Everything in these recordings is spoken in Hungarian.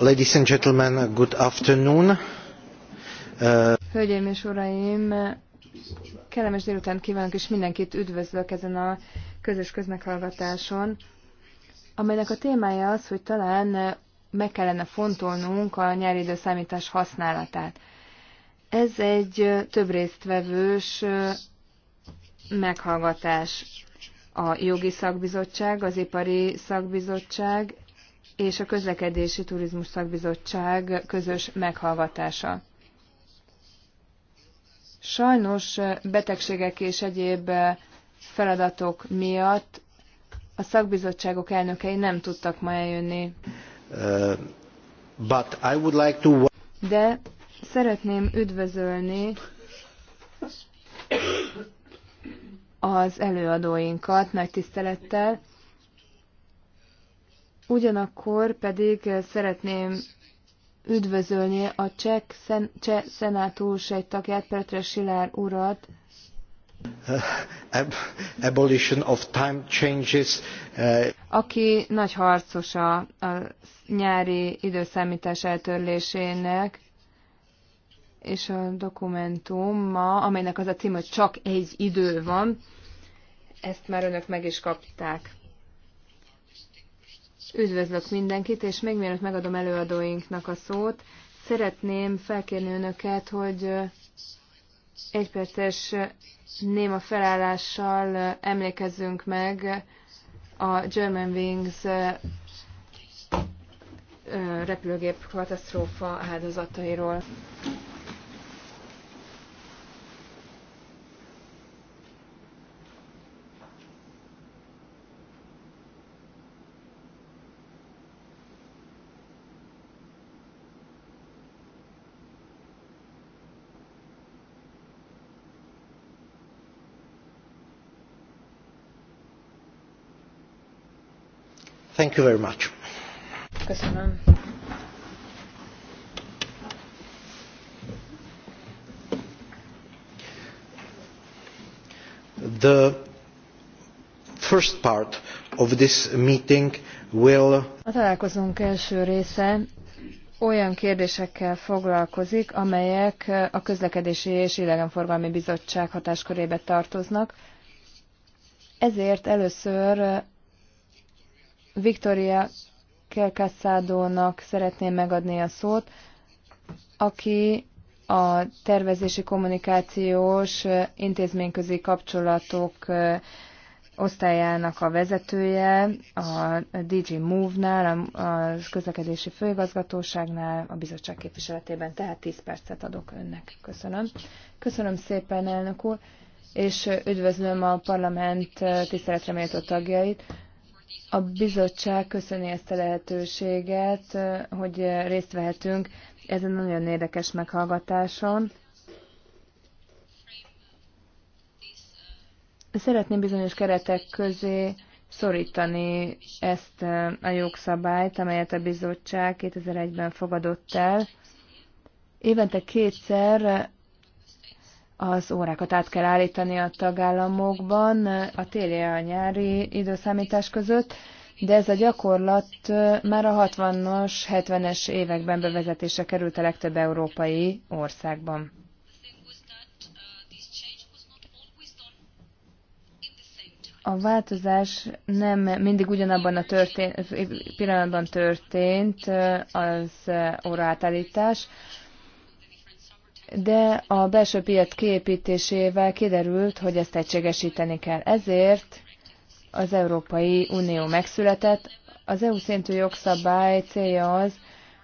Ladies and gentlemen, good afternoon. Hölgyeim és uraim, kellemes délután kívánok, és mindenkit üdvözlök ezen a közös közmeghallgatáson, amelynek a témája az, hogy talán meg kellene fontolnunk a nyári időszámítás használatát. Ez egy több résztvevős meghallgatás. A jogi szakbizottság, az ipari szakbizottság és a Közlekedési Turizmus Szakbizottság közös meghallgatása. Sajnos betegségek és egyéb feladatok miatt a szakbizottságok elnökei nem tudtak ma eljönni. Uh, but I would like to... De szeretném üdvözölni az előadóinkat nagy tisztelettel, Ugyanakkor pedig szeretném üdvözölni a cseh, szen, cseh szenátus egy tagját, Petre Silár urat. Abolition of time changes. Eh, Aki nagy harcosa a nyári időszámítás eltörlésének, és a dokumentum ma, amelynek az a cím, hogy csak egy idő van, ezt már önök meg is kapták. Üdvözlök mindenkit, és még mielőtt megadom előadóinknak a szót, szeretném felkérni önöket, hogy egyperces néma felállással emlékezzünk meg a German Wings repülőgép katasztrófa áldozatairól. Thank you very much. Köszönöm. The first part of this meeting will... A találkozónk első része olyan kérdésekkel foglalkozik, amelyek a Közlekedési és Idegenforgalmi Bizottság hatáskörébe tartoznak. Ezért először Victoria Kelkasszádónak szeretném megadni a szót, aki a tervezési kommunikációs intézményközi kapcsolatok osztályának a vezetője, a DG Move-nál, a közlekedési főigazgatóságnál, a bizottság képviseletében, tehát 10 percet adok önnek. Köszönöm. Köszönöm szépen, elnök úr, és üdvözlöm a parlament tiszteletre méltó tagjait. A bizottság köszöni ezt a lehetőséget, hogy részt vehetünk ezen nagyon érdekes meghallgatáson. Szeretném bizonyos keretek közé szorítani ezt a jogszabályt, amelyet a bizottság 2001-ben fogadott el. Évente kétszer az órákat át kell állítani a tagállamokban a téli a nyári időszámítás között, de ez a gyakorlat már a 60-as, 70-es években bevezetése került a legtöbb európai országban. A változás nem mindig ugyanabban a történ- pillanatban történt az óraátállítás, de a belső piac kiépítésével kiderült, hogy ezt egységesíteni kell. Ezért az Európai Unió megszületett. Az EU szintű jogszabály célja az,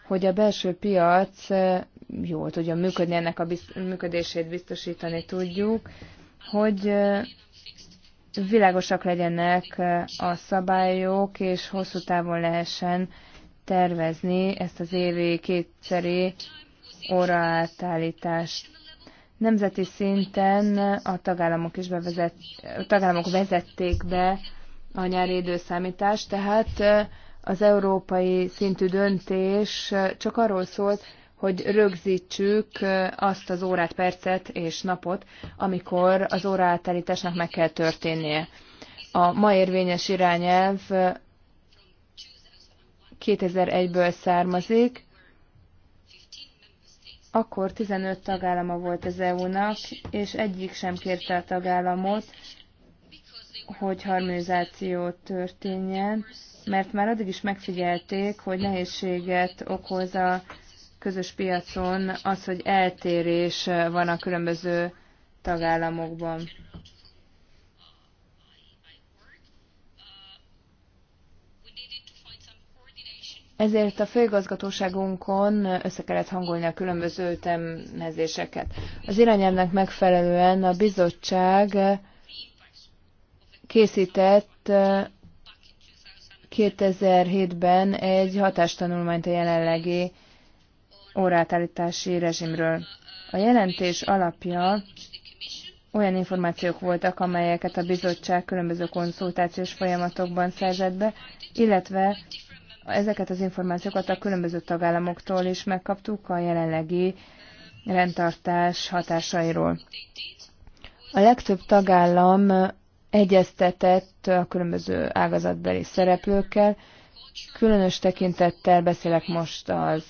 hogy a belső piac eh, jól tudjon működni, ennek a bizt- működését biztosítani tudjuk, hogy eh, világosak legyenek eh, a szabályok, és hosszú távon lehessen tervezni ezt az évi kétszeri óra átállítást. Nemzeti szinten a tagállamok is bevezet, a tagállamok vezették be a nyári időszámítást, tehát az európai szintű döntés csak arról szólt, hogy rögzítsük azt az órát, percet és napot, amikor az óraátállításnak meg kell történnie. A ma érvényes irányelv 2001-ből származik, akkor 15 tagállama volt az EU-nak, és egyik sem kérte a tagállamot, hogy harmonizáció történjen, mert már addig is megfigyelték, hogy nehézséget okoz a közös piacon az, hogy eltérés van a különböző tagállamokban. Ezért a főigazgatóságunkon össze kellett hangolni a különböző ütemezéseket. Az irányelvnek megfelelően a bizottság készített 2007-ben eh, egy hatástanulmányt a jelenlegi órátállítási rezsimről. A jelentés alapja olyan információk voltak, amelyeket a bizottság különböző konzultációs folyamatokban szerzett be, illetve Ezeket az információkat a különböző tagállamoktól is megkaptuk a jelenlegi rendtartás hatásairól. A legtöbb tagállam egyeztetett a különböző ágazatbeli szereplőkkel, különös tekintettel beszélek most az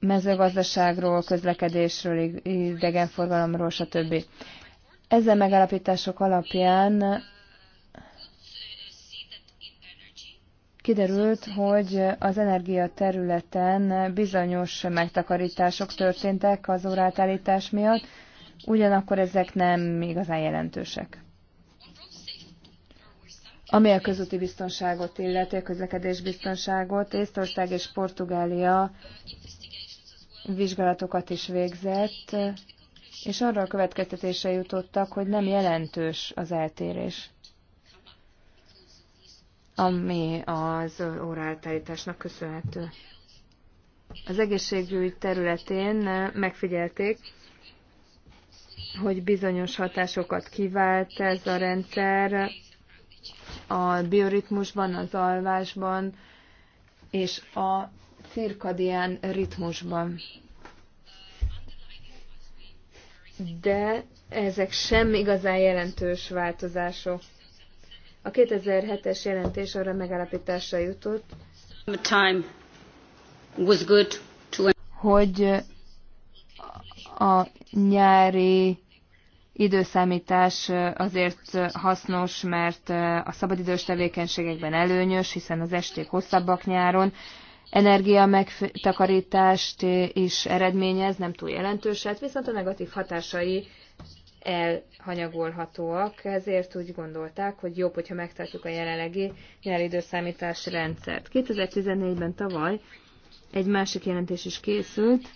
mezőgazdaságról, közlekedésről, idegenforgalomról, stb. Ezen megállapítások alapján kiderült, hogy az energia területen bizonyos megtakarítások történtek az órátállítás miatt, ugyanakkor ezek nem igazán jelentősek. Ami a közúti biztonságot illeti, a közlekedés biztonságot, Észtország és Portugália vizsgálatokat is végzett, és arra a következtetése jutottak, hogy nem jelentős az eltérés ami az óraátállításnak köszönhető. Az egészségügy területén megfigyelték, hogy bizonyos hatásokat kivált ez a rendszer a bioritmusban, az alvásban és a cirkadián ritmusban. De ezek sem igazán jelentős változások. A 2007-es jelentés arra megállapításra jutott, hogy a nyári időszámítás azért hasznos, mert a szabadidős tevékenységekben előnyös, hiszen az esték hosszabbak nyáron, energia megtakarítást is eredményez, nem túl jelentőset, hát viszont a negatív hatásai elhanyagolhatóak, ezért úgy gondolták, hogy jobb, hogyha megtartjuk a jelenlegi nyári időszámítási rendszert. 2014-ben tavaly egy másik jelentés is készült.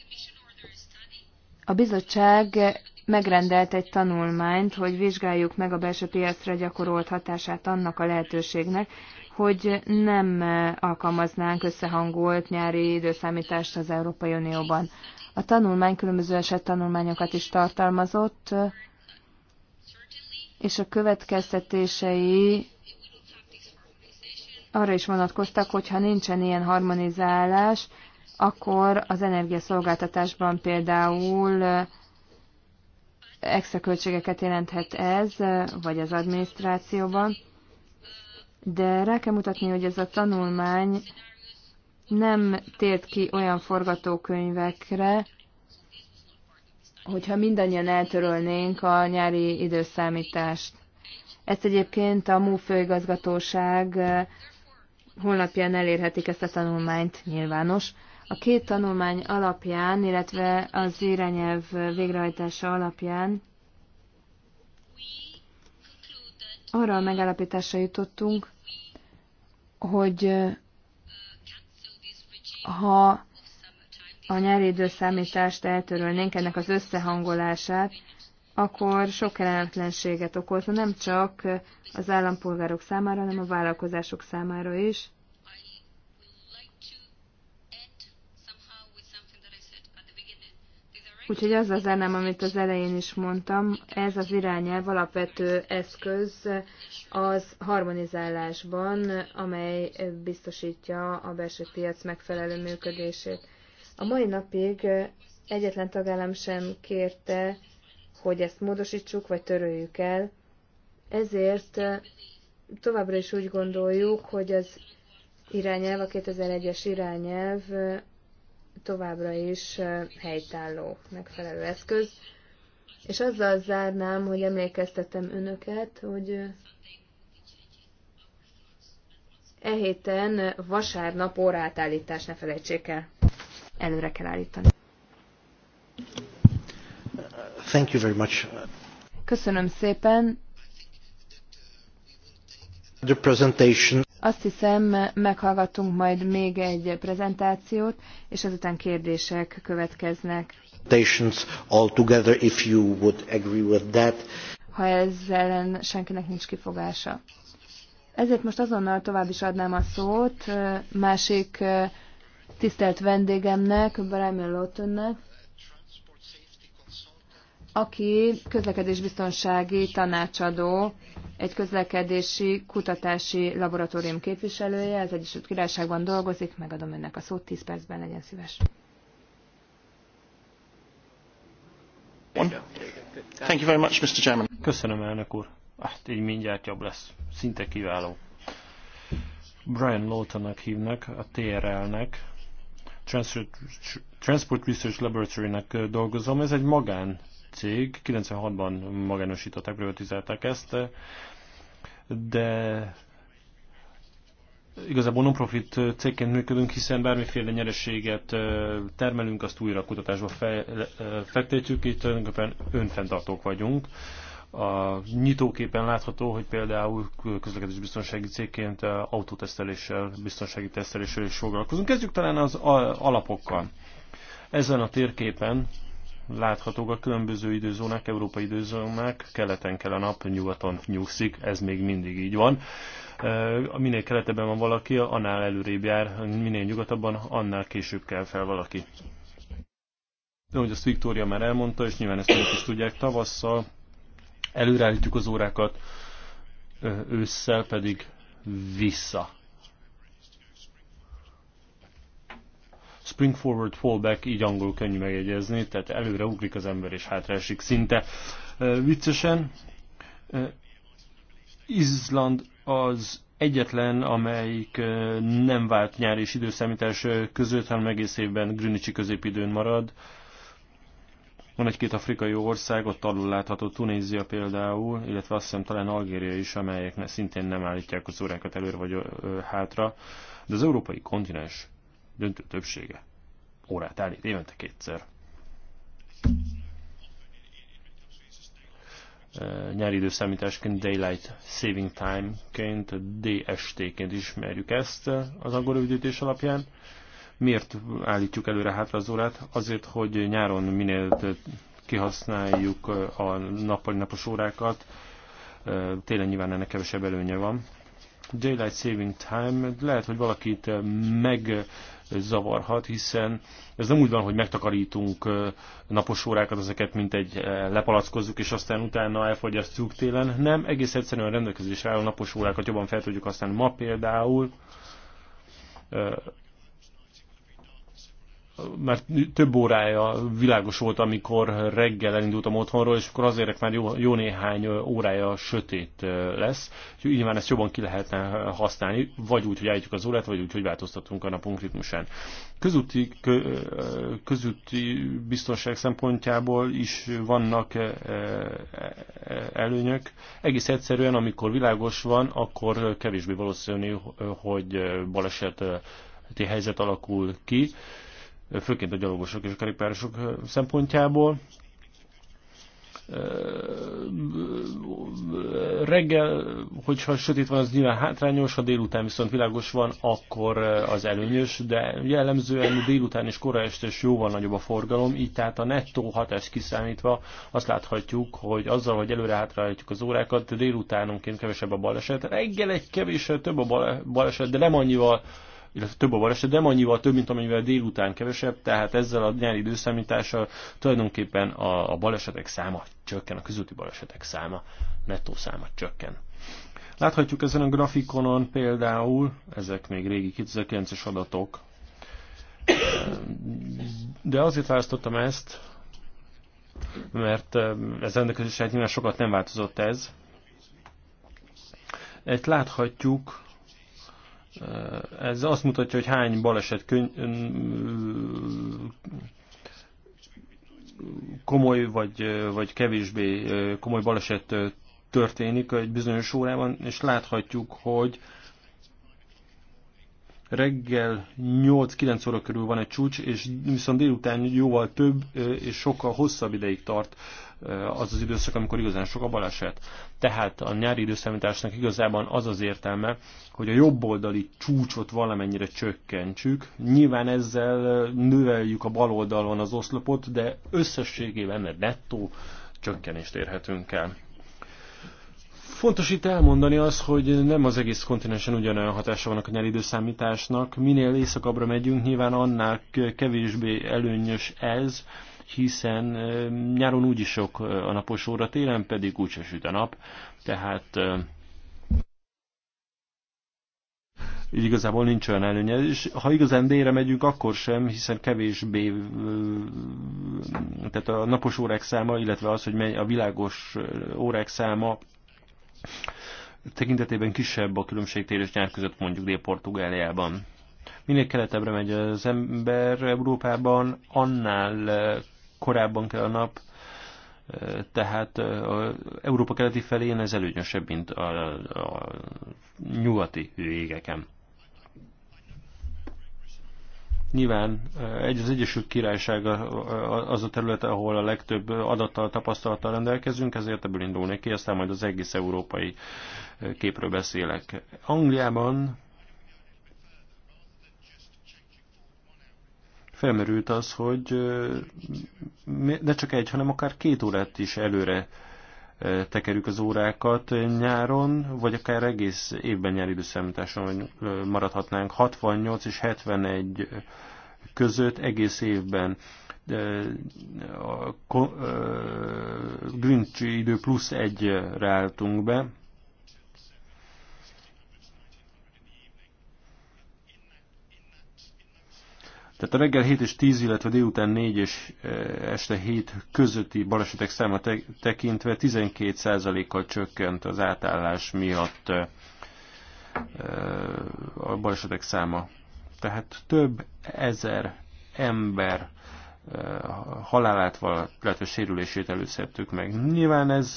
A bizottság megrendelt egy tanulmányt, hogy vizsgáljuk meg a belső piacra gyakorolt hatását annak a lehetőségnek, hogy nem alkalmaznánk összehangolt nyári időszámítást az Európai Unióban. A tanulmány különböző esettanulmányokat is tartalmazott, és a következtetései arra is vonatkoztak, hogyha nincsen ilyen harmonizálás, akkor az energiaszolgáltatásban például extra költségeket jelenthet ez, vagy az adminisztrációban. De rá kell mutatni, hogy ez a tanulmány nem tért ki olyan forgatókönyvekre, hogyha mindannyian eltörölnénk a nyári időszámítást. Ezt egyébként a MU főigazgatóság eh, holnapján elérhetik ezt a tanulmányt, nyilvános. A két tanulmány alapján, illetve az irányelv végrehajtása alapján arra a megállapításra jutottunk, hogy eh, ha a nyári időszámítást eltörölnénk, ennek az összehangolását, akkor sok kellemetlenséget okozna nem csak az állampolgárok számára, hanem a vállalkozások számára is. Úgyhogy az az elem, amit az elején is mondtam, ez az irányelv alapvető eszköz az harmonizálásban, amely biztosítja a belső piac megfelelő működését. A mai napig egyetlen tagállam sem kérte, hogy ezt módosítsuk vagy töröljük el, ezért továbbra is úgy gondoljuk, hogy az irányelv, a 2001-es irányelv továbbra is helytálló megfelelő eszköz. És azzal zárnám, hogy emlékeztetem önöket, hogy e héten vasárnap órátállítás ne felejtsék el előre kell állítani. Thank you very much. Köszönöm szépen. The presentation. Azt hiszem, meghallgatunk majd még egy prezentációt, és ezután kérdések következnek. Altogether, if you would agree with that. Ha ezzel ellen senkinek nincs kifogása. Ezért most azonnal tovább is adnám a szót másik tisztelt vendégemnek, Brian Lottonnek, aki közlekedésbiztonsági tanácsadó, egy közlekedési kutatási laboratórium képviselője, az Egyesült Királyságban dolgozik, megadom önnek a szót, 10 percben legyen szíves. Thank you very much, Mr. Chairman. Köszönöm, elnök úr. Hát így mindjárt jobb lesz. Szinte kiváló. Brian Lawtonnak hívnak, a TRL-nek, Transport Research Laboratory-nek dolgozom. Ez egy magán cég, 96-ban magánosították, privatizálták ezt, de igazából non-profit cégként működünk, hiszen bármiféle nyereséget termelünk, azt újra kutatásba fe, fektetjük, itt tulajdonképpen önfenntartók vagyunk. A nyitóképen látható, hogy például közlekedésbiztonsági cégként eh, autóteszteléssel, biztonsági teszteléssel is foglalkozunk. Kezdjük talán az alapokkal. Ezen a térképen láthatók a különböző időzónák, európai időzónák, keleten kell a nap, nyugaton nyugszik, ez még mindig így van. Eh, minél keletebben van valaki, annál előrébb jár, minél nyugatabban, annál később kell fel valaki. De hogy azt Viktória már elmondta, és nyilván ezt is tudják, tavasszal előreállítjuk az órákat, ősszel pedig vissza. Spring forward, fall back. így angol könnyű megjegyezni, tehát előre ugrik az ember és hátra esik szinte. Viccesen, Izland az egyetlen, amelyik nem vált nyár és időszámítás között, hanem egész évben Greenwichi középidőn marad. Van egy-két afrikai ország, ott alul látható Tunézia például, illetve azt hiszem talán Algéria is, amelyek szintén nem állítják az órákat előre vagy hátra, de az európai kontinens döntő többsége órát állít évente kétszer. nyári időszámításként Daylight Saving Time-ként, DST-ként ismerjük ezt az angol időtés alapján. Miért állítjuk előre hátra az órát? Azért, hogy nyáron minél kihasználjuk a nappali napos órákat, télen nyilván ennek kevesebb előnye van. Daylight Saving Time, lehet, hogy valakit megzavarhat, hiszen ez nem úgy van, hogy megtakarítunk napos órákat, ezeket mint egy lepalackozzuk, és aztán utána elfogyasztjuk télen. Nem, egész egyszerűen rendelkezésre álló napos órákat jobban fel tudjuk használni. Ma például mert több órája világos volt, amikor reggel elindultam otthonról, és akkor azért már jó, jó néhány órája sötét lesz. Úgyhogy így már ezt jobban ki lehetne használni, vagy úgy, hogy állítjuk az órát, vagy úgy, hogy változtatunk a napunk ritmusán. Közúti, kö, közúti biztonság szempontjából is vannak előnyök. Egész egyszerűen, amikor világos van, akkor kevésbé valószínű, hogy baleset helyzet alakul ki főként a gyalogosok és a kerékpárosok szempontjából. Reggel, hogyha sötét van, az nyilván hátrányos, ha délután viszont világos van, akkor az előnyös, de jellemzően délután és kora is jóval nagyobb a forgalom, így tehát a nettó hatást kiszámítva azt láthatjuk, hogy azzal, hogy előre hátrálhatjuk az órákat, délutánonként kevesebb a baleset, reggel egy kevéssel több a baleset, de nem annyival, illetve több a baleset, de annyival több, mint amennyivel délután kevesebb, tehát ezzel a nyári időszámítással tulajdonképpen a, a balesetek száma csökken, a közúti balesetek száma, nettó száma csökken. Láthatjuk ezen a grafikonon például, ezek még régi 2009-es adatok, de azért választottam ezt, mert eh, ez rendelkezésre nyilván sokat nem változott ez. Egy láthatjuk ez azt mutatja, hogy hány baleset könny komoly vagy, vagy kevésbé komoly baleset történik egy bizonyos órában, és láthatjuk, hogy reggel 8-9 óra körül van egy csúcs, és viszont délután jóval több és sokkal hosszabb ideig tart az az időszak, amikor igazán sok a baleset. Tehát a nyári időszámításnak igazában az az értelme, hogy a jobboldali csúcsot valamennyire csökkentsük. Nyilván ezzel növeljük a bal oldalon az oszlopot, de összességében nettó csökkenést érhetünk el. Fontos itt elmondani az, hogy nem az egész kontinensen ugyanolyan hatása vannak a nyári időszámításnak. Minél északabbra megyünk, nyilván annál kevésbé előnyös ez, hiszen nyáron úgy is sok a napos óra, télen pedig se süt a nap, tehát így igazából nincs olyan előnye. És ha igazán délre megyünk, akkor sem, hiszen kevésbé, tehát a napos órák száma, illetve az, hogy a világos órák száma tekintetében kisebb a különbség tél és nyár között mondjuk Dél-Portugáliában. Minél keletebbre megy az ember Európában, annál korábban kell a nap, tehát a Európa keleti felén ez előnyösebb, mint a, a nyugati végeken. Nyilván egy az Egyesült Királyság az a terület, ahol a legtöbb adattal, tapasztalattal rendelkezünk, ezért ebből indulnék ki, aztán majd az egész európai képről beszélek. Angliában felmerült az, hogy ne csak egy, hanem akár két órát is előre tekerjük az órákat nyáron, vagy akár egész évben nyári időszámításon maradhatnánk. 68 és 71 között egész évben a Grinch idő plusz egyre álltunk be, Tehát a reggel 7 és 10, illetve délután 4 és e, este 7 közötti balesetek száma tekintve 12%-kal csökkent az átállás miatt e, e, a balesetek száma. Tehát több ezer ember halálát, illetve sérülését előszedtük meg. Nyilván ez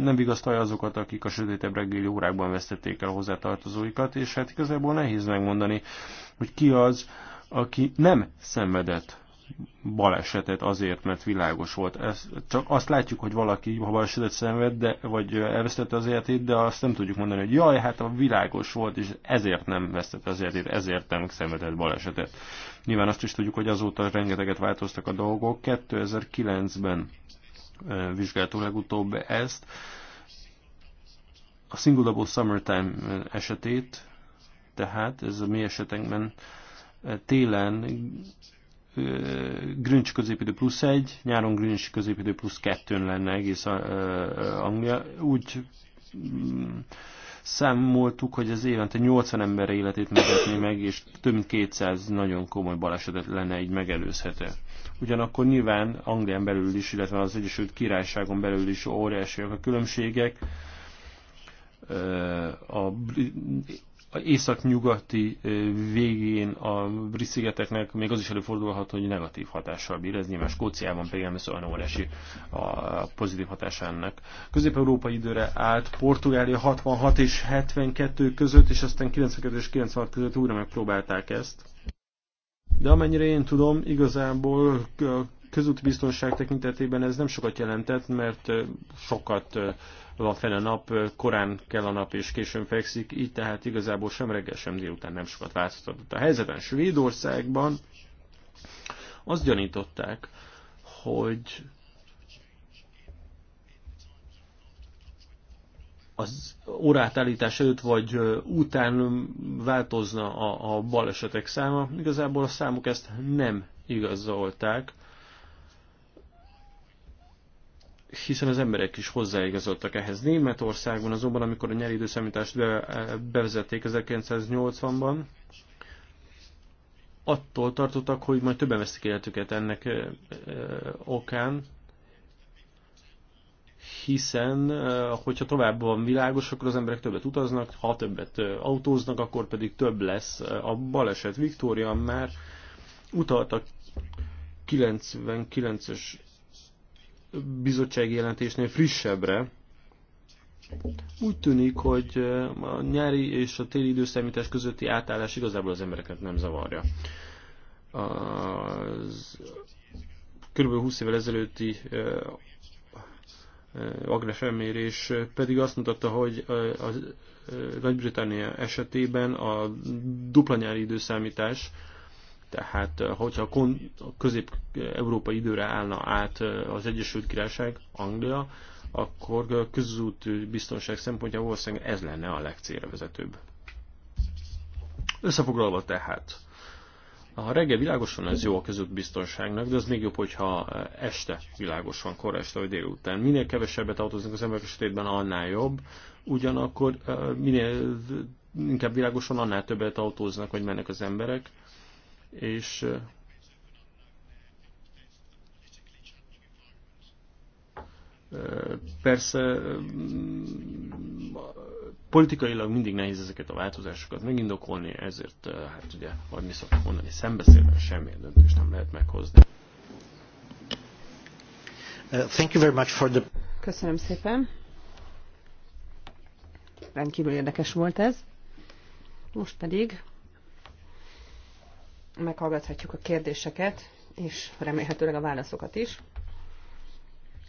nem vigasztalja azokat, akik a sötétebb reggeli órákban vesztették el hozzátartozóikat, és hát igazából nehéz megmondani, hogy ki az, aki nem szenvedett balesetet azért, mert világos volt. Ez, csak azt látjuk, hogy valaki ha balesetet szenved, de, vagy elvesztette az életét, de azt nem tudjuk mondani, hogy jaj, hát a világos volt, és ezért nem vesztette az életét, ezért nem szenvedett balesetet. Nyilván azt is tudjuk, hogy azóta rengeteget változtak a dolgok. 2009-ben vizsgáltuk legutóbb ezt. A Single Double Summertime esetét, tehát ez a mi esetünkben télen Grüncs középidő plusz egy nyáron Grüncs középidő plusz kettőn lenne egész Anglia. Úgy mm, számoltuk, hogy az évente 80 ember életét megetni meg, és több mint 200 nagyon komoly balesetet lenne így megelőzhető. Ugyanakkor nyilván Anglián belül is, illetve az Egyesült Királyságon belül is óriásiak a különbségek. A északnyugati végén a Brit-szigeteknek még az is előfordulhat, hogy negatív hatással bír. Ez nyilván Skóciában például ez olyan óriási a pozitív hatása ennek. Közép-európai időre állt Portugália 66 és 72 között, és aztán 92 és 96 között újra megpróbálták ezt. De amennyire én tudom, igazából közúti biztonság tekintetében ez nem sokat jelentett, mert sokat van fenn a nap, korán kell a nap és későn fekszik, így tehát igazából sem reggel, sem délután nem sokat változtatott a helyzeten. Svédországban azt gyanították, hogy az órát állítás előtt vagy után változna a, a balesetek száma. Igazából a számok ezt nem igazolták hiszen az emberek is hozzáigazoltak ehhez. Németországban azonban, amikor a nyeridőszámítást időszámítást be, bevezették 1980-ban, attól tartottak, hogy majd többen veszik életüket ennek ö, ö, okán, hiszen hogyha tovább van világos, akkor az emberek többet utaznak, ha többet autóznak, akkor pedig több lesz. A baleset Viktória már utaltak 99-es bizottsági jelentésnél frissebbre. Úgy tűnik, hogy a nyári és a téli időszámítás közötti átállás igazából az embereket nem zavarja. Az kb. 20 évvel ezelőtti agrafelmérés pedig azt mutatta, hogy a Nagy-Britannia esetében a dupla nyári időszámítás tehát, hogyha a, a közép-európai időre állna át az Egyesült Királyság, Anglia, akkor közúti biztonság szempontjából valószínűleg ez lenne a legcélre vezetőbb. Összefoglalva tehát, ha reggel világos van, ez jó a között biztonságnak, de az még jobb, hogyha este világos van, kora este vagy délután. Minél kevesebbet autóznak az emberek esetében, annál jobb. Ugyanakkor minél inkább világosan annál többet autóznak, vagy mennek az emberek és persze politikailag mindig nehéz ezeket a változásokat megindokolni, ezért hát ugye, vagy mi szoktuk mondani, szembeszélben semmilyen döntést nem lehet meghozni. Uh, thank you very much for the... Köszönöm szépen. Rendkívül érdekes volt ez. Most pedig meghallgathatjuk a kérdéseket, és remélhetőleg a válaszokat is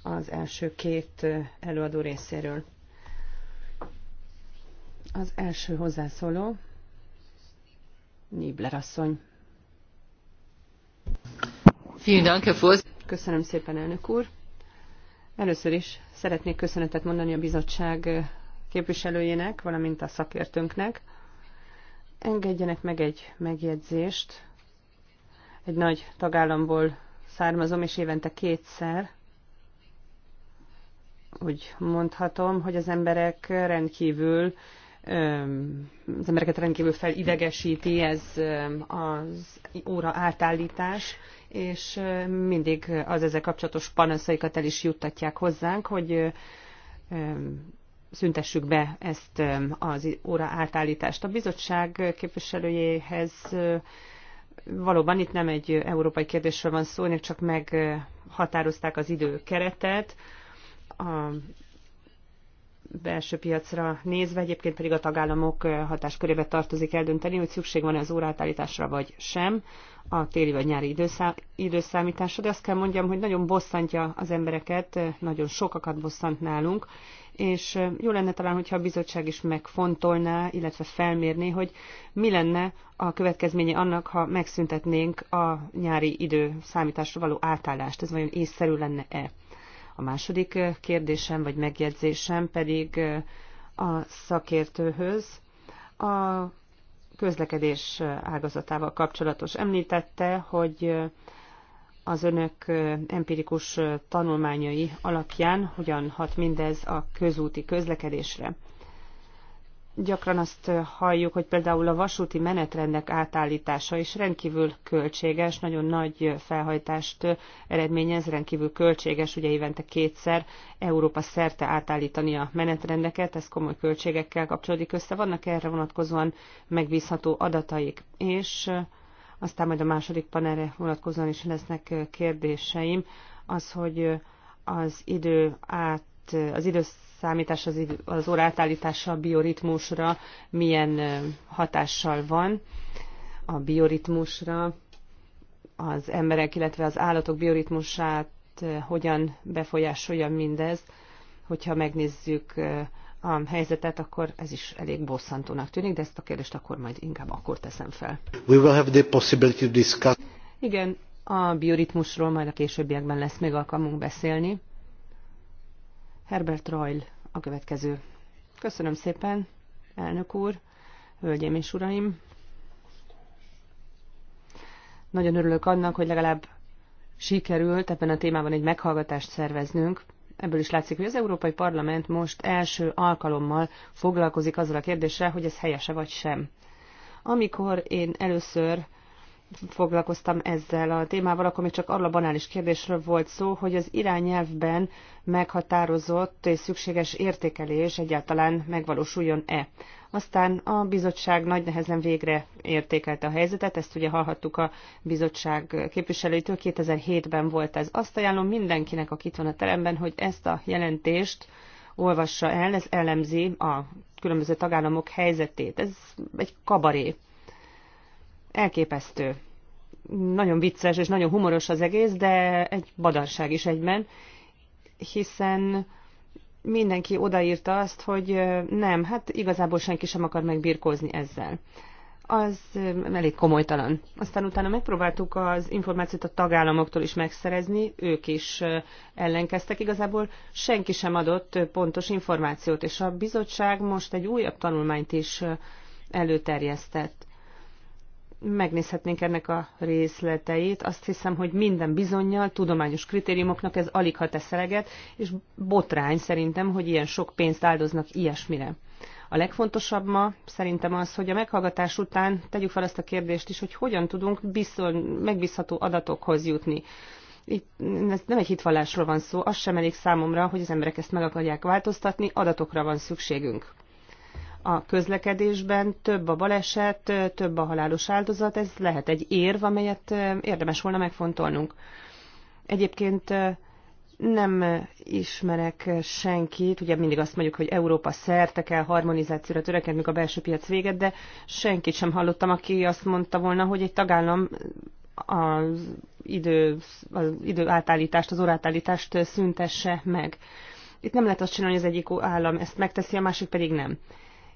az első két előadó részéről. Az első hozzászóló Nibler asszony. Köszönöm szépen, elnök úr. Először is szeretnék köszönetet mondani a bizottság képviselőjének, valamint a szakértőnknek. Engedjenek meg egy megjegyzést egy nagy tagállamból származom, és évente kétszer úgy mondhatom, hogy az emberek rendkívül az embereket rendkívül felidegesíti ez az óra átállítás, és mindig az ezzel kapcsolatos panaszaikat el is juttatják hozzánk, hogy szüntessük be ezt az óra átállítást. A bizottság képviselőjéhez valóban itt nem egy európai kérdésről van szó, ennek csak meghatározták az időkeretet a belső piacra nézve, egyébként pedig a tagállamok hatáskörébe tartozik eldönteni, hogy szükség van-e az órátállításra vagy sem a téli vagy nyári időszá időszámításra, de azt kell mondjam, hogy nagyon bosszantja az embereket, nagyon sokakat bosszant nálunk, és jó lenne talán, hogyha a bizottság is megfontolná, illetve felmérné, hogy mi lenne a következménye annak, ha megszüntetnénk a nyári idő számításra való átállást. Ez vajon észszerű lenne-e? A második kérdésem vagy megjegyzésem pedig a szakértőhöz. A közlekedés ágazatával kapcsolatos. Említette, hogy az önök empirikus tanulmányai alapján hogyan hat mindez a közúti közlekedésre. Gyakran azt halljuk, hogy például a vasúti menetrendek átállítása is rendkívül költséges, nagyon nagy felhajtást eredményez, rendkívül költséges, ugye évente kétszer Európa szerte átállítani a menetrendeket, ez komoly költségekkel kapcsolódik össze. Vannak erre vonatkozóan megbízható adataik, és aztán majd a második panelre vonatkozóan is lesznek kérdéseim, az, hogy az idő át, az időszámítás, az, idő, az óra átállítása a bioritmusra milyen hatással van, a bioritmusra, az emberek, illetve az állatok bioritmusát hogyan befolyásolja mindez, hogyha megnézzük a helyzetet, akkor ez is elég bosszantónak tűnik, de ezt a kérdést akkor majd inkább akkor teszem fel. We will have the possibility to discuss. Igen, a bioritmusról majd a későbbiekben lesz még alkalmunk beszélni. Herbert Royle a következő. Köszönöm szépen, elnök úr, hölgyeim és uraim. Nagyon örülök annak, hogy legalább sikerült ebben a témában egy meghallgatást szerveznünk, ebből is látszik, hogy az Európai Parlament most első alkalommal foglalkozik azzal a kérdéssel, hogy ez helyese vagy sem. Amikor én először foglalkoztam ezzel a témával, akkor még csak arra a banális kérdésről volt szó, hogy az irányelvben meghatározott és szükséges értékelés egyáltalán megvalósuljon-e. Aztán a bizottság nagy nehezen végre értékelte a helyzetet, ezt ugye hallhattuk a bizottság képviselőitől, 2007-ben volt ez. Azt ajánlom mindenkinek, aki itt van a teremben, hogy ezt a jelentést olvassa el, ez elemzi a különböző tagállamok helyzetét. Ez egy kabaré. Elképesztő. Nagyon vicces és nagyon humoros az egész, de egy badarság is egyben, hiszen mindenki odaírta azt, hogy nem, hát igazából senki sem akar megbirkózni ezzel. Az elég komolytalan. Aztán utána megpróbáltuk az információt a tagállamoktól is megszerezni, ők is ellenkeztek. Igazából senki sem adott pontos információt, és a bizottság most egy újabb tanulmányt is előterjesztett megnézhetnénk ennek a részleteit. Azt hiszem, hogy minden bizonyal tudományos kritériumoknak ez alig tesz eleget, és botrány szerintem, hogy ilyen sok pénzt áldoznak ilyesmire. A legfontosabb ma szerintem az, hogy a meghallgatás után tegyük fel azt a kérdést is, hogy hogyan tudunk bizony, megbízható adatokhoz jutni. Itt nem egy hitvallásról van szó, az sem elég számomra, hogy az emberek ezt meg akarják változtatni, adatokra van szükségünk a közlekedésben, több a baleset, több a halálos áldozat, ez lehet egy érv, amelyet érdemes volna megfontolnunk. Egyébként nem ismerek senkit, ugye mindig azt mondjuk, hogy Európa szerte kell harmonizációra törekednünk a belső piac véget, de senkit sem hallottam, aki azt mondta volna, hogy egy tagállam az idő, az idő átállítást, az órátállítást szüntesse meg. Itt nem lehet azt csinálni, hogy az egyik állam ezt megteszi, a másik pedig nem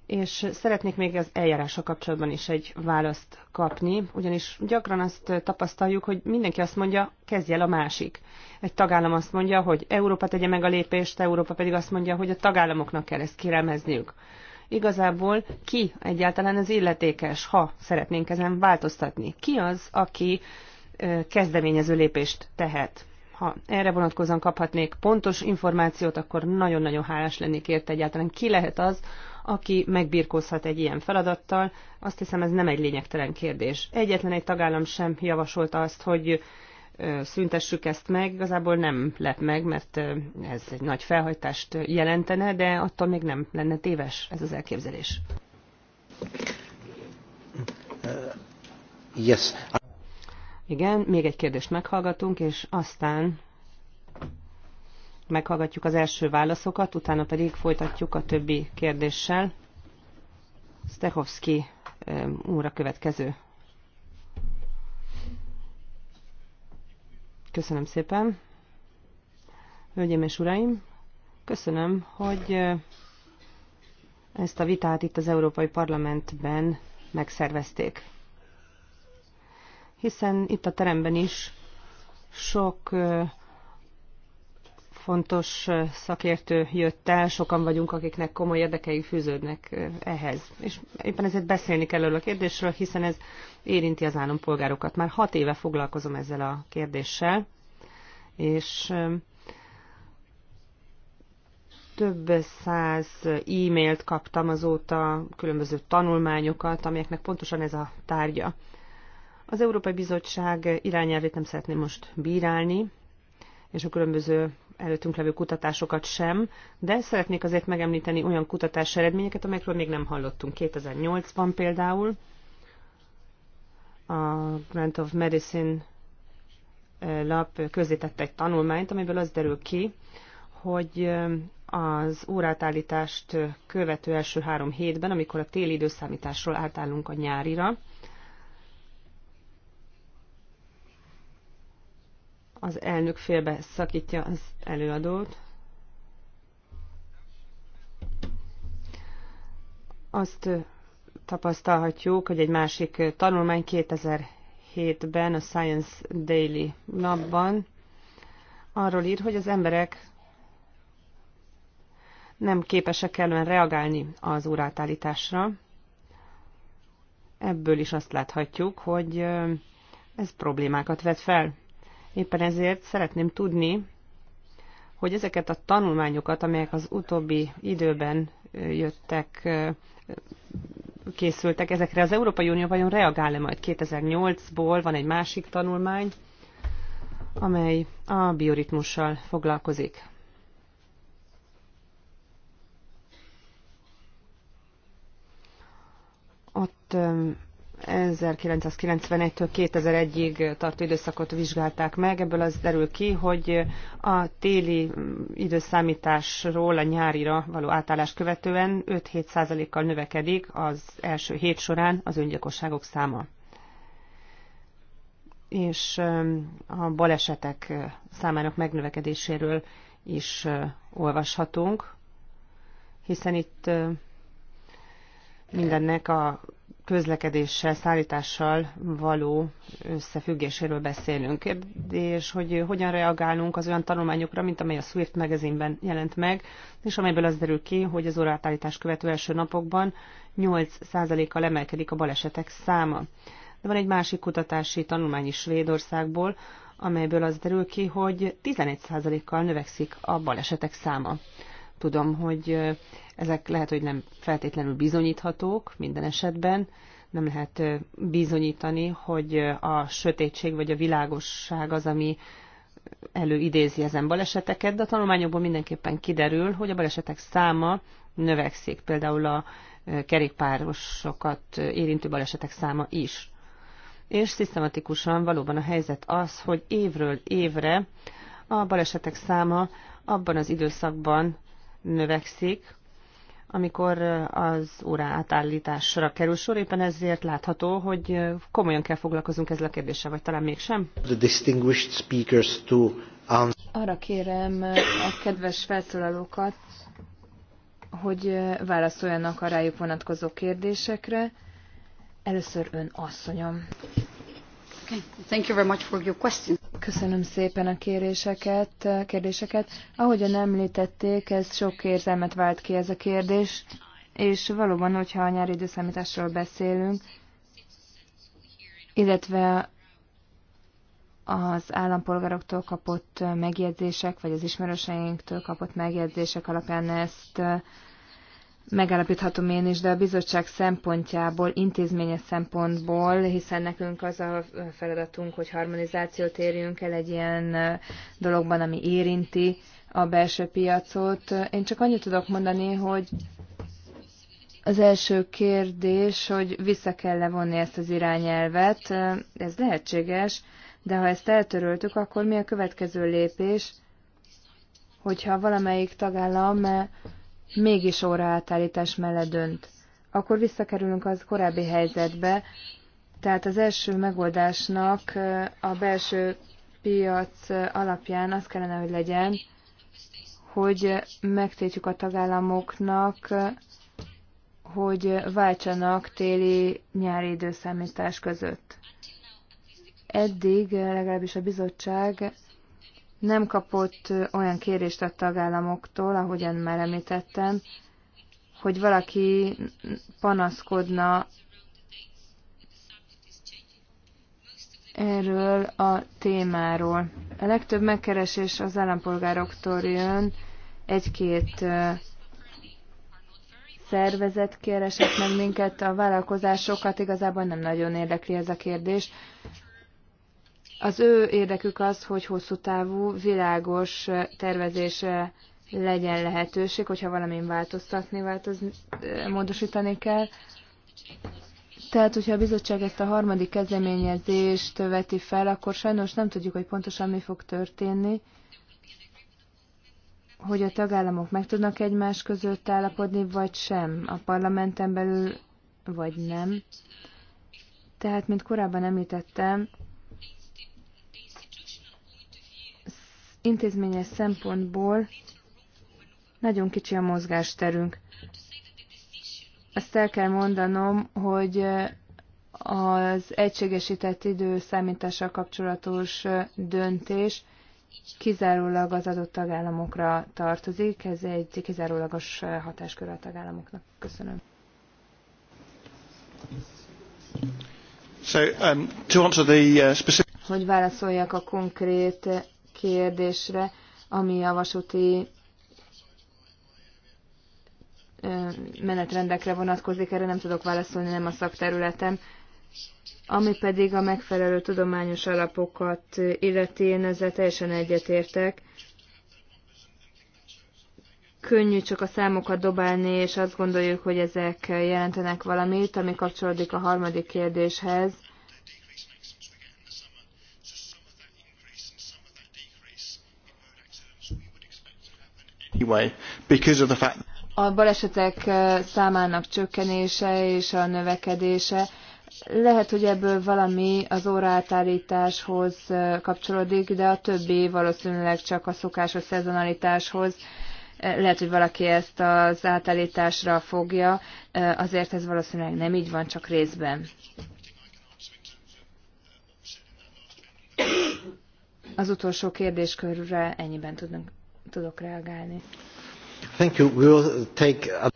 és szeretnék még az eljárása kapcsolatban is egy választ kapni, ugyanis gyakran azt tapasztaljuk, hogy mindenki azt mondja, kezdj el a másik. Egy tagállam azt mondja, hogy Európa tegye meg a lépést, Európa pedig azt mondja, hogy a tagállamoknak kell ezt kérelmezniük. Igazából ki egyáltalán az illetékes, ha szeretnénk ezen változtatni? Ki az, aki kezdeményező lépést tehet? ha erre vonatkozóan kaphatnék pontos információt, akkor nagyon-nagyon hálás lennék érte egyáltalán. Ki lehet az, aki megbirkózhat egy ilyen feladattal. Azt hiszem ez nem egy lényegtelen kérdés. Egyetlen egy tagállam sem javasolta azt, hogy szüntessük ezt meg, igazából nem lep meg, mert ez egy nagy felhajtást jelentene, de attól még nem lenne téves ez az elképzelés. Yes. Igen, még egy kérdést meghallgatunk, és aztán meghallgatjuk az első válaszokat, utána pedig folytatjuk a többi kérdéssel. Stehovski úr a következő. Köszönöm szépen. Hölgyeim és uraim, köszönöm, hogy eh, ezt a vitát itt az Európai Parlamentben megszervezték. Hiszen itt a teremben is sok eh, fontos szakértő jött el, sokan vagyunk, akiknek komoly érdekei fűződnek ehhez. És éppen ezért beszélni kell erről a kérdésről, hiszen ez érinti az állampolgárokat. Már hat éve foglalkozom ezzel a kérdéssel, és több száz e-mailt kaptam azóta, különböző tanulmányokat, amelyeknek pontosan ez a tárgya. Az Európai Bizottság irányelvét nem szeretném most bírálni, és a különböző előttünk levő kutatásokat sem, de szeretnék azért megemlíteni olyan kutatás eredményeket, amelyekről még nem hallottunk. 2008-ban például a Grant of Medicine eh, lap közzétette egy tanulmányt, amiből az derül ki, hogy eh, az órátállítást eh, követő első három hétben, amikor a téli időszámításról átállunk a nyárira, Az elnök félbe szakítja az előadót. Azt tapasztalhatjuk, hogy egy másik tanulmány 2007-ben a Science Daily napban arról ír, hogy az emberek nem képesek kellően reagálni az órátállításra. Ebből is azt láthatjuk, hogy ez problémákat vet fel. Éppen ezért szeretném tudni, hogy ezeket a tanulmányokat, amelyek az utóbbi időben jöttek, készültek, ezekre az Európai Unió vajon reagál-e majd 2008-ból? Van egy másik tanulmány, amely a bioritmussal foglalkozik. Ott 1991-től 2001-ig tartó időszakot vizsgálták meg. Ebből az derül ki, hogy a téli időszámításról a nyárira való átállás követően 5-7%-kal növekedik az első hét során az öngyilkosságok száma. És a balesetek számának megnövekedéséről is olvashatunk, hiszen itt mindennek a közlekedéssel, szállítással való összefüggéséről beszélünk. És hogy hogyan reagálunk az olyan tanulmányokra, mint amely a Swift magazinben jelent meg, és amelyből az derül ki, hogy az órátállítás követő első napokban 8%-kal emelkedik a balesetek száma. De van egy másik kutatási tanulmány is Svédországból, amelyből az derül ki, hogy 11%-kal növekszik a balesetek száma. Tudom, hogy ezek lehet, hogy nem feltétlenül bizonyíthatók minden esetben, nem lehet bizonyítani, hogy a sötétség vagy a világosság az, ami előidézi ezen baleseteket, de a tanulmányokból mindenképpen kiderül, hogy a balesetek száma növekszik, például a kerékpárosokat érintő balesetek száma is. És szisztematikusan valóban a helyzet az, hogy évről évre a balesetek száma abban az időszakban növekszik, amikor az óra átállításra kerül sor, éppen ezért látható, hogy komolyan kell foglalkozunk ezzel a kérdéssel, vagy talán mégsem. The distinguished speakers to answer. Arra kérem a kedves felszólalókat, hogy válaszoljanak a rájuk vonatkozó kérdésekre. Először ön asszonyom. Köszönöm szépen a kéréseket, kérdéseket. Ahogyan említették, ez sok érzelmet vált ki ez a kérdés, és valóban, hogyha a nyári időszámításról beszélünk, illetve az állampolgároktól kapott megjegyzések, vagy az ismerőseinktől kapott megjegyzések alapján ezt megállapíthatom én is, de a bizottság szempontjából, intézményes szempontból, hiszen nekünk az a feladatunk, hogy harmonizációt érjünk el egy ilyen dologban, ami érinti a belső piacot. Én csak annyit tudok mondani, hogy az első kérdés, hogy vissza kell levonni ezt az irányelvet, ez lehetséges, de ha ezt eltöröltük, akkor mi a következő lépés, hogyha valamelyik tagállam mégis óraátállítás mellett dönt. Akkor visszakerülünk az korábbi helyzetbe, tehát az első megoldásnak a belső piac alapján az kellene, hogy legyen, hogy megtétjük a tagállamoknak, hogy váltsanak téli-nyári időszámítás között. Eddig legalábbis a bizottság nem kapott olyan kérést a tagállamoktól, ahogyan már említettem, hogy valaki panaszkodna erről a témáról. A legtöbb megkeresés az állampolgároktól jön, egy-két szervezet keresett meg minket, a vállalkozásokat igazából nem nagyon érdekli ez a kérdés. Az ő érdekük az, hogy hosszú távú, világos tervezés legyen lehetőség, hogyha valamin változtatni, változni, eh, módosítani kell. Tehát, hogyha a bizottság ezt a harmadik kezdeményezést veti fel, akkor sajnos nem tudjuk, hogy pontosan mi fog történni, hogy a tagállamok meg tudnak egymás között állapodni, vagy sem, a parlamenten belül, vagy nem. Tehát, mint korábban említettem, intézményes szempontból nagyon kicsi a mozgásterünk. Azt el kell mondanom, hogy az egységesített időszámítással kapcsolatos döntés kizárólag az adott tagállamokra tartozik. Ez egy kizárólagos hatáskör a tagállamoknak. Köszönöm. So, um, to answer the, uh, specific... Hogy válaszoljak a konkrét kérdésre, ami a vasúti menetrendekre vonatkozik, erre nem tudok válaszolni, nem a szakterületem. Ami pedig a megfelelő tudományos alapokat illeti, én ezzel teljesen egyetértek. Könnyű csak a számokat dobálni, és azt gondoljuk, hogy ezek jelentenek valamit, ami kapcsolódik a harmadik kérdéshez – A balesetek eh, számának csökkenése és a növekedése lehet, hogy ebből valami az óraátállításhoz eh, kapcsolódik, de a többi valószínűleg csak a szokásos szezonalitáshoz. Eh, lehet, hogy valaki ezt az átállításra fogja, azért ez valószínűleg nem így van, csak részben. Az utolsó kérdéskörre ennyiben tudunk tudok reagálni. Thank you. We will take a...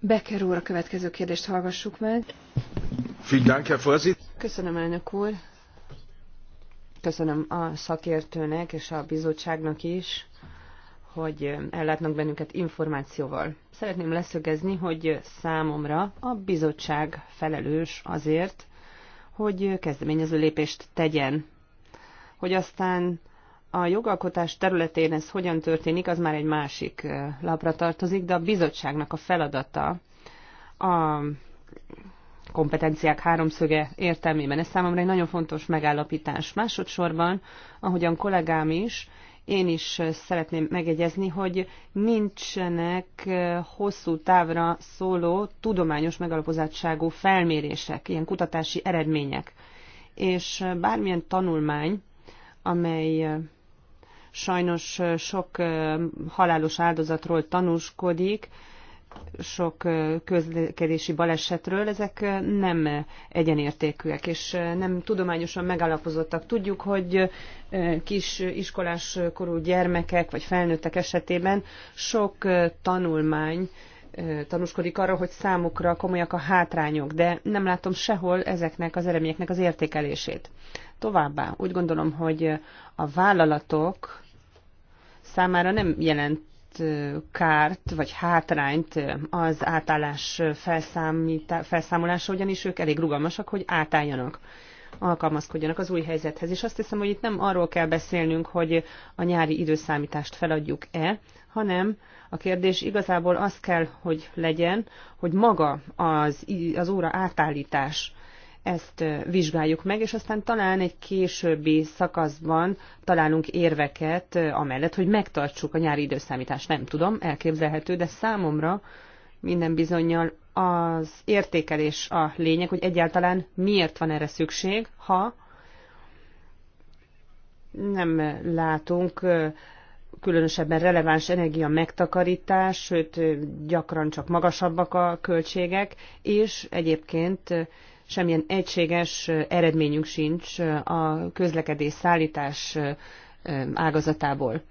Becker úr, a következő kérdést hallgassuk meg. Köszönöm, elnök úr. Köszönöm a szakértőnek és a bizottságnak is, hogy ellátnak bennünket információval. Szeretném leszögezni, hogy számomra a bizottság felelős azért, hogy kezdeményező lépést tegyen, hogy aztán a jogalkotás területén ez hogyan történik, az már egy másik lapra tartozik, de a bizottságnak a feladata a kompetenciák háromszöge értelmében. Ez számomra egy nagyon fontos megállapítás. Másodszorban, ahogyan kollégám is, én is szeretném megegyezni, hogy nincsenek hosszú távra szóló tudományos megalapozátságú felmérések, ilyen kutatási eredmények. És bármilyen tanulmány, amely Sajnos sok halálos áldozatról tanúskodik, sok közlekedési balesetről, ezek nem egyenértékűek, és nem tudományosan megalapozottak. Tudjuk, hogy kis iskolás korú gyermekek vagy felnőttek esetében sok tanulmány tanúskodik arra, hogy számukra komolyak a hátrányok, de nem látom sehol ezeknek az eredményeknek az értékelését. Továbbá úgy gondolom, hogy a vállalatok számára nem jelent kárt vagy hátrányt az átállás felszámolása, ugyanis ők elég rugalmasak, hogy átálljanak alkalmazkodjanak az új helyzethez. És azt hiszem, hogy itt nem arról kell beszélnünk, hogy a nyári időszámítást feladjuk-e, hanem a kérdés igazából az kell, hogy legyen, hogy maga az, az óra átállítás ezt vizsgáljuk meg, és aztán talán egy későbbi szakaszban találunk érveket amellett, hogy megtartsuk a nyári időszámítást. Nem tudom, elképzelhető, de számomra minden bizonyal az értékelés a lényeg, hogy egyáltalán miért van erre szükség, ha nem látunk különösebben releváns energia megtakarítás, sőt gyakran csak magasabbak a költségek, és egyébként semmilyen egységes eredményünk sincs a közlekedés szállítás ágazatából.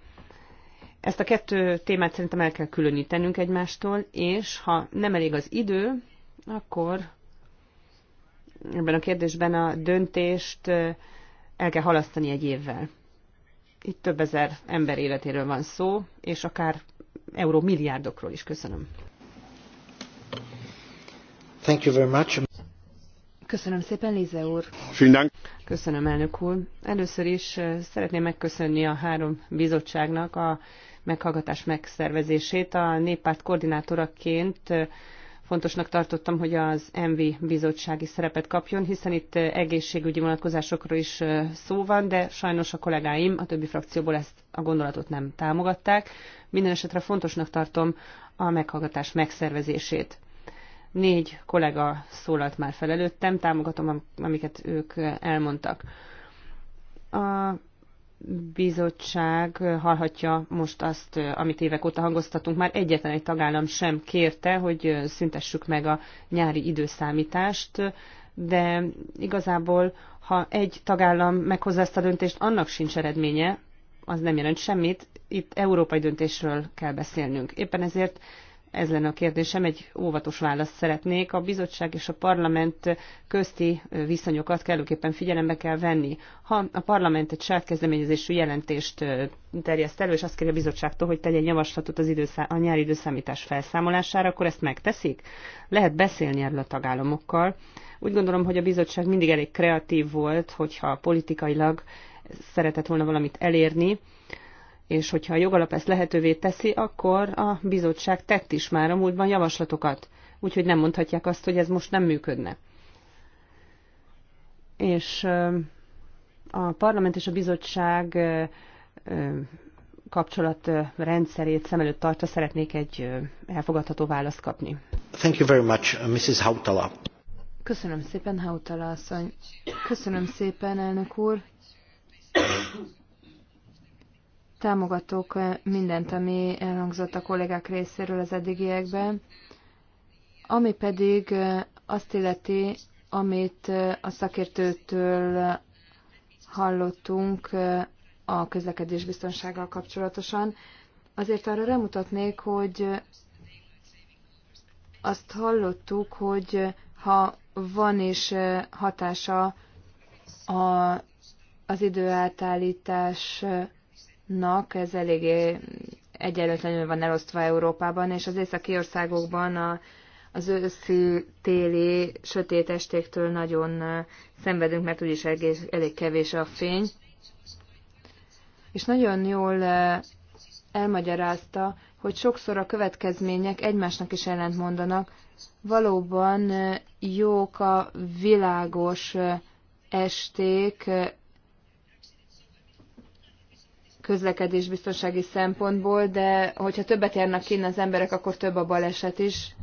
Ezt a kettő témát szerintem el kell különítenünk egymástól, és ha nem elég az idő, akkor ebben a kérdésben a döntést el kell halasztani egy évvel. Itt több ezer ember életéről van szó, és akár euró milliárdokról is. Köszönöm. Thank you very much. Köszönöm szépen, Lize úr. Köszönöm, elnök úr. Először is eh, szeretném megköszönni a három bizottságnak a meghallgatás megszervezését. A néppárt koordinátoraként eh, fontosnak tartottam, hogy az MV bizottsági szerepet kapjon, hiszen itt eh, egészségügyi vonatkozásokról is szó van, de sajnos a kollégáim a többi frakcióból ezt a gondolatot nem támogatták. Minden esetre fontosnak tartom a meghallgatás megszervezését. Négy kollega szólalt már fel előttem, támogatom, amiket ők elmondtak. A bizottság hallhatja most azt, amit évek óta hangoztatunk, már egyetlen egy tagállam sem kérte, hogy szüntessük meg a nyári időszámítást, de igazából, ha egy tagállam meghozza ezt a döntést, annak sincs eredménye, az nem jelent semmit, itt európai döntésről kell beszélnünk. Éppen ezért ez lenne a kérdésem, egy óvatos választ szeretnék. A bizottság és a parlament közti viszonyokat kellőképpen figyelembe kell venni. Ha a parlament egy saját kezdeményezésű jelentést terjeszt elő, és azt kéri a bizottságtól, hogy tegyen javaslatot az időszá- a nyári időszámítás felszámolására, akkor ezt megteszik? Lehet beszélni erről a tagállamokkal. Úgy gondolom, hogy a bizottság mindig elég kreatív volt, hogyha politikailag szeretett volna valamit elérni és hogyha a jogalap ezt lehetővé teszi, akkor a bizottság tett is már a múltban javaslatokat, úgyhogy nem mondhatják azt, hogy ez most nem működne. És a parlament és a bizottság rendszerét szem előtt tartva szeretnék egy elfogadható választ kapni. Thank you very much, uh, Mrs. Hautala. Köszönöm szépen, Hautala asszony. Köszönöm szépen, elnök úr. Támogatok eh, mindent, ami elhangzott a kollégák részéről az eddigiekben, ami pedig eh, azt illeti, amit eh, a szakértőtől hallottunk a közlekedés biztonsággal kapcsolatosan. Azért arra remutatnék, hogy azt hallottuk, hogy ha van is hatása a, az időátállítás nak ez eléggé egyenlőtlenül van elosztva Európában, és az északi országokban a, az őszi téli sötét estéktől nagyon szenvedünk, mert úgyis elég, elég kevés a fény. És nagyon jól elmagyarázta, hogy sokszor a következmények egymásnak is mondanak. Valóban jók a világos esték, közlekedésbiztonsági szempontból, de hogyha többet járnak kín az emberek, akkor több a baleset is.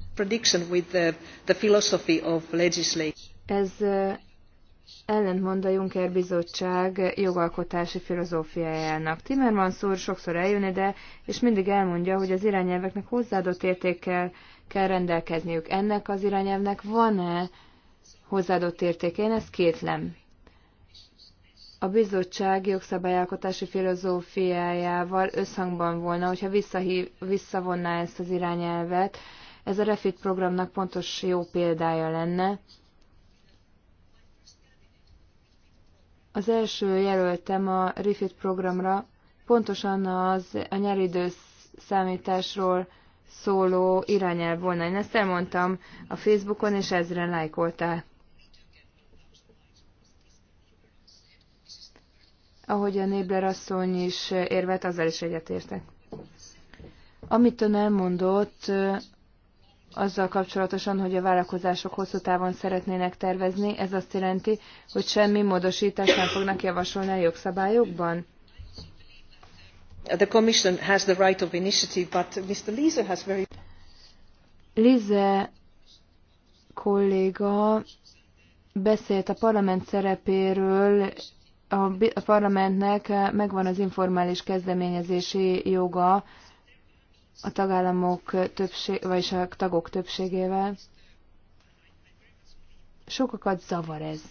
Ez ellentmond a Juncker bizottság jogalkotási filozófiájának. Timmermans úr sokszor eljön ide, és mindig elmondja, hogy az irányelveknek hozzáadott értékkel kell rendelkezniük. Ennek az irányelvnek van-e hozzáadott értéke? Én ezt kétlem a bizottság jogszabályalkotási filozófiájával összhangban volna, hogyha visszahív, visszavonná ezt az irányelvet. Ez a REFIT programnak pontos jó példája lenne. Az első jelöltem a REFIT programra pontosan az a nyári szóló irányelv volna. Én ezt elmondtam a Facebookon, és ezre lájkoltál. ahogy a Nébler asszony is érvet, azzal is egyetértek. Amit ön elmondott, azzal kapcsolatosan, hogy a vállalkozások hosszú távon szeretnének tervezni, ez azt jelenti, hogy semmi módosítást nem fognak javasolni a jogszabályokban? The Commission has the right of initiative, but Mr. Lise has very... Lise kolléga beszélt a parlament szerepéről a parlamentnek megvan az informális kezdeményezési joga a tagállamok többség, vagyis a tagok többségével. Sokakat zavar ez.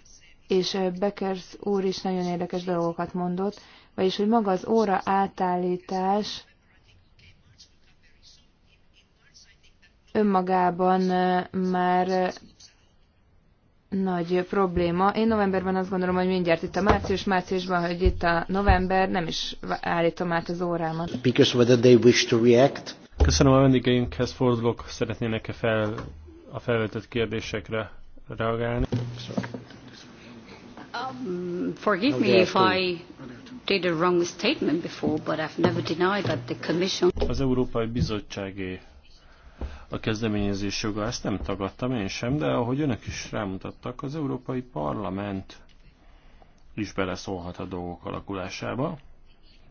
És Beckers úr is nagyon érdekes dolgokat mondott, vagyis hogy maga az óra átállítás önmagában már nagy probléma. Én novemberben azt gondolom, hogy mindjárt itt a március, márciusban, hogy itt a november, nem is állítom át az órámat. Because whether they wish to react. Köszönöm a vendégeinkhez fordulok, szeretnének-e fel a felvetett kérdésekre reagálni? Um, forgive me if I did a wrong statement before, but I've never denied that the Commission... Az Európai Bizottságé a kezdeményezés joga, ezt nem tagadtam én sem, de ahogy önök is rámutattak, az Európai Parlament is beleszólhat a dolgok alakulásába,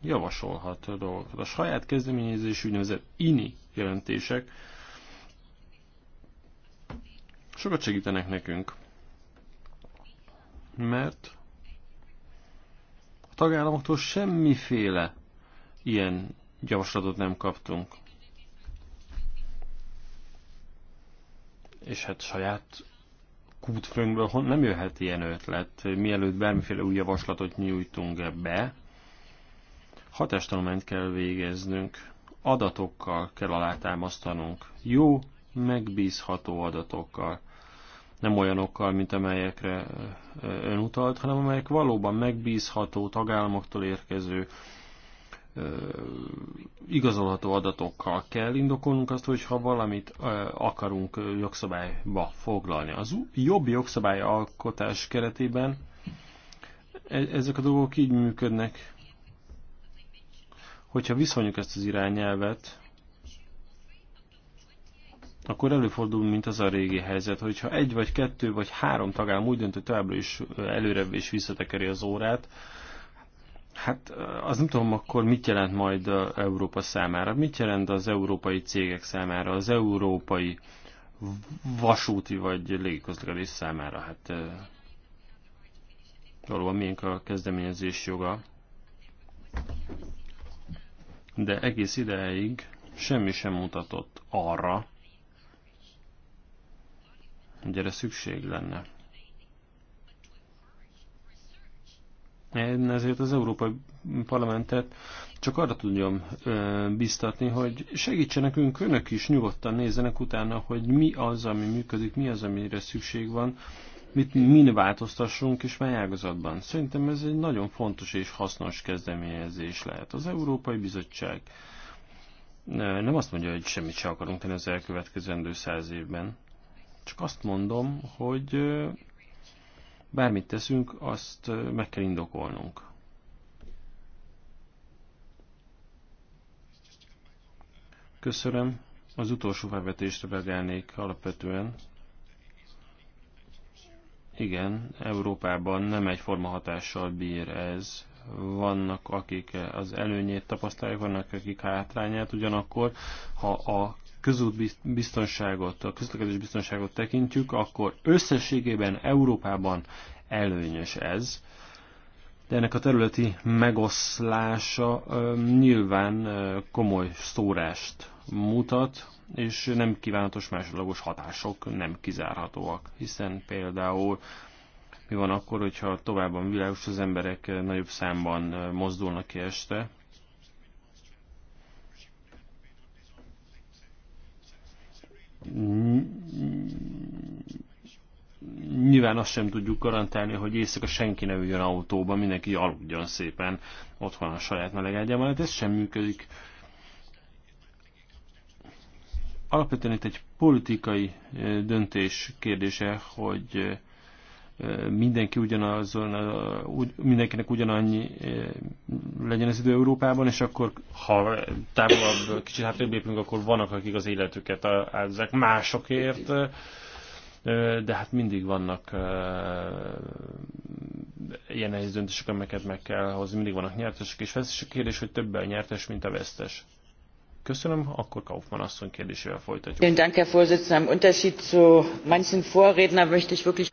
javasolhat a dolgokat. A saját kezdeményezés úgynevezett INI jelentések sokat segítenek nekünk, mert a tagállamoktól semmiféle ilyen javaslatot nem kaptunk. és hát saját kútfőnkből nem jöhet ilyen ötlet, mielőtt bármiféle új javaslatot nyújtunk be. Hatástanulmányt kell végeznünk, adatokkal kell alátámasztanunk, jó, megbízható adatokkal. Nem olyanokkal, mint amelyekre ön utalt, hanem amelyek valóban megbízható tagállamoktól érkező igazolható adatokkal kell indokolnunk azt, hogy ha valamit akarunk jogszabályba foglalni. Az jobb jogszabály alkotás keretében e-, ezek a dolgok így működnek, hogyha viszonyuk ezt az irányelvet, akkor előfordul, mint az a régi helyzet, hogyha egy vagy kettő vagy három tagállam úgy dönt, hogy továbbra is előrebb és visszatekeri az órát, Hát az nem tudom akkor mit jelent majd Európa számára, mit jelent az európai cégek számára, az európai vasúti vagy légiközlekedés számára. Hát valóban miénk a kezdeményezés joga. De egész ideig semmi sem mutatott arra, hogy erre szükség lenne. Én ezért az Európai Parlamentet csak arra tudjam biztatni, hogy segítsenekünk önök is, nyugodtan nézzenek utána, hogy mi az, ami működik, mi az, amire szükség van, mit, min változtassunk és mely ágazatban. Szerintem ez egy nagyon fontos és hasznos kezdeményezés lehet. Az Európai Bizottság nem azt mondja, hogy semmit se akarunk tenni az elkövetkezendő száz évben. Csak azt mondom, hogy Bármit teszünk, azt meg kell indokolnunk. Köszönöm. Az utolsó felvetésre reagálnék alapvetően. Igen, Európában nem egyforma hatással bír ez. Vannak, akik az előnyét tapasztalják, vannak, akik hátrányát, ugyanakkor, ha a közútbiztonságot, a közlekedés biztonságot tekintjük, akkor összességében Európában előnyös ez. De ennek a területi megoszlása nyilván komoly szórást mutat, és nem kívánatos másodlagos hatások nem kizárhatóak, hiszen például mi van akkor, hogyha továbban világos az emberek nagyobb számban mozdulnak ki este, nyilván azt sem tudjuk garantálni, hogy éjszaka senki ne üljön autóba, mindenki aludjon szépen otthon a saját melegágya mellett, hát ez sem működik. Alapvetően itt egy politikai eh, döntés kérdése, hogy eh, mindenki ugyanazon, mindenkinek ugyanannyi legyen az idő Európában, és akkor ha távolabb, kicsit hátrébb lépünk, akkor vannak, akik az életüket áldozák másokért, de hát mindig vannak ilyen nehéz döntések, amiket meg kell hozni, mindig vannak nyertesek és vesztesek. Kérdés, hogy többen nyertes, mint a vesztes. Köszönöm, akkor Kaufmann asszony kérdésével folytatjuk. Vielen Dank, Herr Vorsitzender. Im Unterschied zu manchen Vorrednern möchte ich wirklich...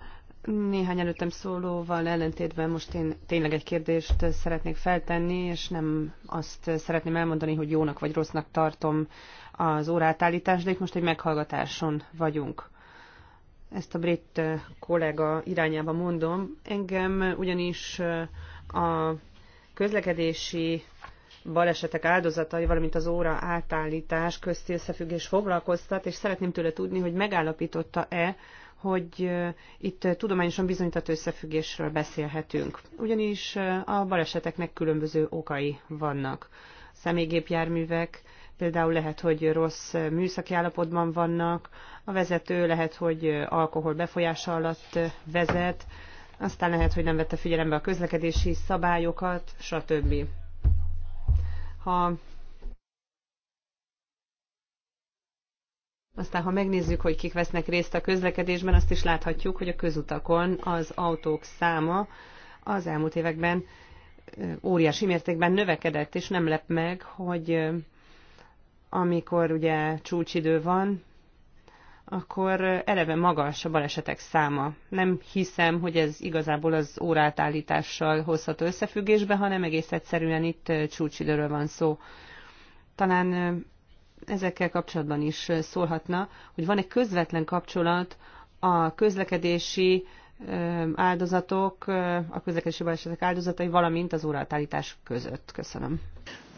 Néhány előttem szólóval ellentétben most én tényleg egy kérdést szeretnék feltenni, és nem azt szeretném elmondani, hogy jónak vagy rossznak tartom az órátállítást, de itt most egy meghallgatáson vagyunk. Ezt a brit kollega irányába mondom. Engem ugyanis a közlekedési balesetek áldozatai, valamint az óra átállítás közti összefüggés foglalkoztat, és szeretném tőle tudni, hogy megállapította-e, hogy itt tudományosan bizonyított összefüggésről beszélhetünk. Ugyanis a baleseteknek különböző okai vannak. Személygépjárművek például lehet, hogy rossz műszaki állapotban vannak, a vezető lehet, hogy alkohol befolyása alatt vezet, aztán lehet, hogy nem vette figyelembe a közlekedési szabályokat, stb. Ha Aztán, ha megnézzük, hogy kik vesznek részt a közlekedésben, azt is láthatjuk, hogy a közutakon az autók száma az elmúlt években óriási mértékben növekedett, és nem lep meg, hogy amikor ugye csúcsidő van, akkor eleve magas a balesetek száma. Nem hiszem, hogy ez igazából az órátállítással hozható összefüggésbe, hanem egész egyszerűen itt csúcsidőről van szó. Talán ezekkel kapcsolatban is szólhatna, hogy van-e közvetlen kapcsolat a közlekedési áldozatok, a közlekedési balesetek áldozatai, valamint az óraátállítás között. Köszönöm.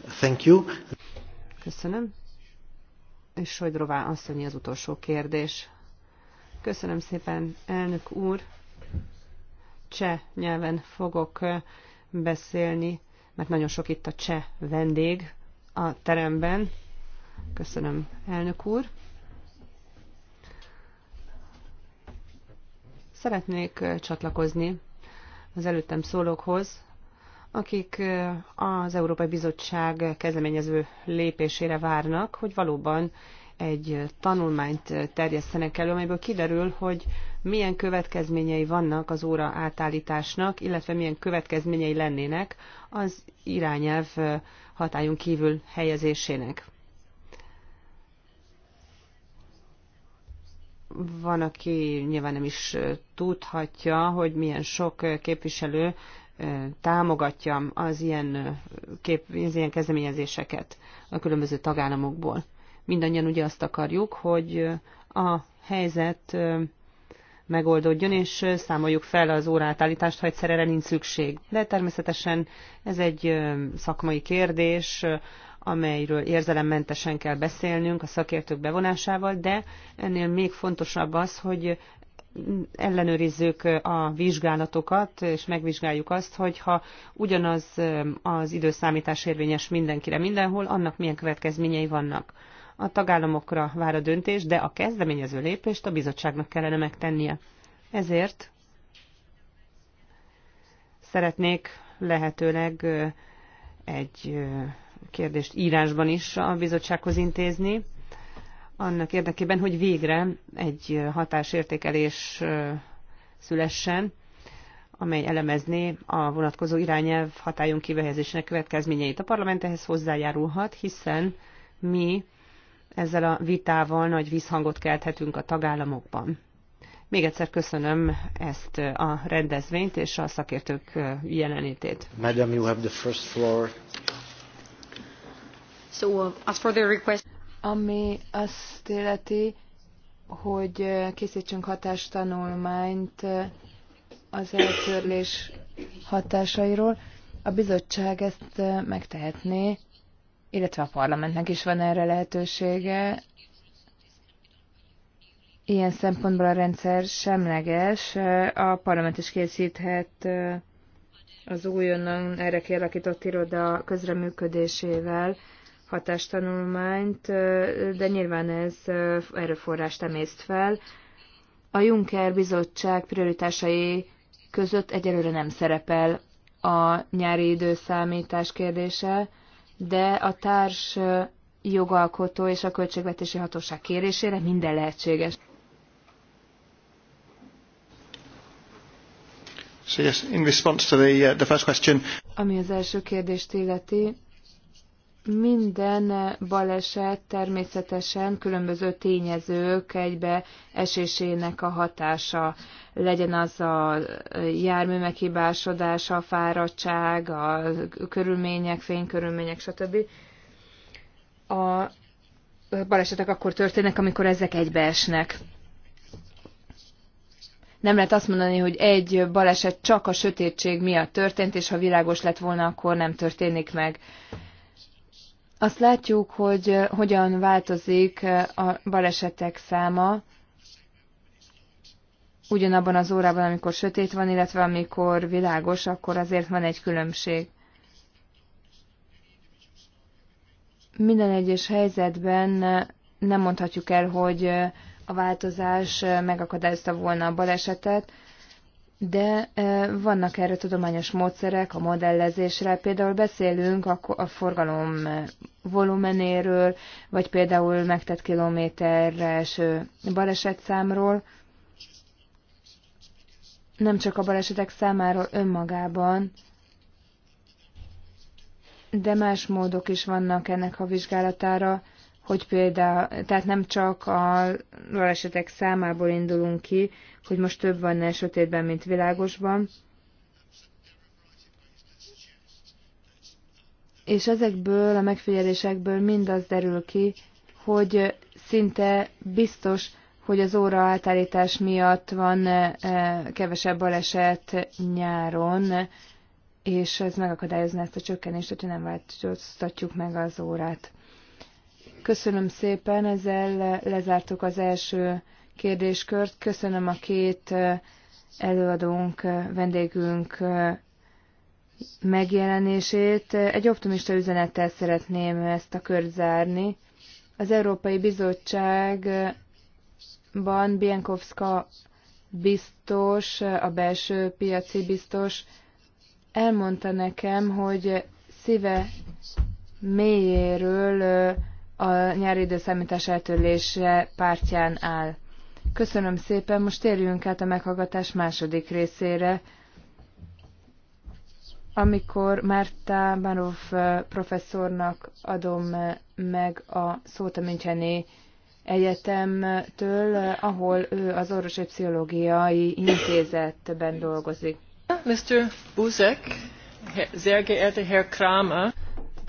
Thank you. Köszönöm. És Sojdrová asszonyi az utolsó kérdés. Köszönöm szépen, elnök úr. Cseh nyelven fogok beszélni, mert nagyon sok itt a cseh vendég a teremben. Köszönöm, elnök úr. Szeretnék csatlakozni az előttem szólókhoz, akik az Európai Bizottság kezdeményező lépésére várnak, hogy valóban egy tanulmányt terjesztenek elő, amelyből kiderül, hogy milyen következményei vannak az óra átállításnak, illetve milyen következményei lennének az irányelv hatályon kívül helyezésének. Van, aki nyilván nem is tudhatja, hogy milyen sok képviselő támogatja az ilyen, kép, az ilyen kezdeményezéseket a különböző tagállamokból. Mindannyian ugye azt akarjuk, hogy a helyzet megoldódjon, és számoljuk fel az órátállítást, ha egyszer erre nincs szükség. De természetesen ez egy szakmai kérdés, amelyről érzelemmentesen kell beszélnünk a szakértők bevonásával, de ennél még fontosabb az, hogy ellenőrizzük a vizsgálatokat, és megvizsgáljuk azt, hogy ha ugyanaz az időszámítás érvényes mindenkire mindenhol, annak milyen következményei vannak. A tagállamokra vár a döntés, de a kezdeményező lépést a bizottságnak kellene megtennie. Ezért szeretnék lehetőleg egy kérdést írásban is a bizottsághoz intézni, annak érdekében, hogy végre egy hatásértékelés szülessen, amely elemezné a vonatkozó irányelv hatályon kivehezésének következményeit. A parlament ehhez hozzájárulhat, hiszen mi ezzel a vitával nagy visszhangot kelthetünk a tagállamokban. Még egyszer köszönöm ezt a rendezvényt és a szakértők jelenlétét. Madam, you have the first floor. So, as for the request... Ami azt illeti, hogy készítsünk hatástanulmányt az eltörlés hatásairól, a bizottság ezt megtehetné, illetve a parlamentnek is van erre lehetősége. Ilyen szempontból a rendszer semleges, a parlament is készíthet az újonnan erre kialakított iroda közreműködésével hatástanulmányt, de nyilván ez erőforrás emészt fel. A Juncker bizottság prioritásai között egyelőre nem szerepel a nyári időszámítás kérdése, de a társ jogalkotó és a költségvetési hatóság kérésére minden lehetséges. Uh, Ami az első kérdést illeti, minden baleset természetesen különböző tényezők egybe esésének a hatása. Legyen az a jármű meghibásodása, a fáradtság, a körülmények, fénykörülmények, stb. A balesetek akkor történnek, amikor ezek egybeesnek. Nem lehet azt mondani, hogy egy baleset csak a sötétség miatt történt, és ha világos lett volna, akkor nem történik meg. Azt látjuk, hogy eh, hogyan változik eh, a balesetek száma ugyanabban az órában, amikor sötét van, illetve amikor világos, akkor azért van egy különbség. Minden egyes helyzetben eh, nem mondhatjuk el, hogy a változás megakadályozta volna a balesetet, de e, vannak erre tudományos módszerek, a modellezésre, például beszélünk a, a forgalom volumenéről, vagy például megtett kilométeres balesetszámról. Nem csak a balesetek számáról önmagában, de más módok is vannak ennek a vizsgálatára hogy például, tehát nem csak a balesetek számából indulunk ki, hogy most több van-e sötétben, mint világosban. És ezekből a megfigyelésekből mindaz derül ki, hogy szinte biztos, hogy az óra átállítás miatt van e, kevesebb baleset nyáron, és ez megakadályozna ezt a csökkenést, hogyha nem változtatjuk meg az órát. Köszönöm szépen, ezzel lezártuk az első kérdéskört. Köszönöm a két előadónk, vendégünk megjelenését. Egy optimista üzenettel szeretném ezt a kört zárni. Az Európai Bizottságban Bienkowska biztos, a belső piaci biztos elmondta nekem, hogy szíve mélyéről a nyári időszámítás eltörlése pártján áll. Köszönöm szépen, most térjünk át a meghallgatás második részére, amikor Márta Banov professzornak adom meg a szót a Müncheni Egyetemtől, ahol ő az Orvosi Pszichológiai Intézetben dolgozik. Mr. Buzek, sehr geehrter Herr Kramer,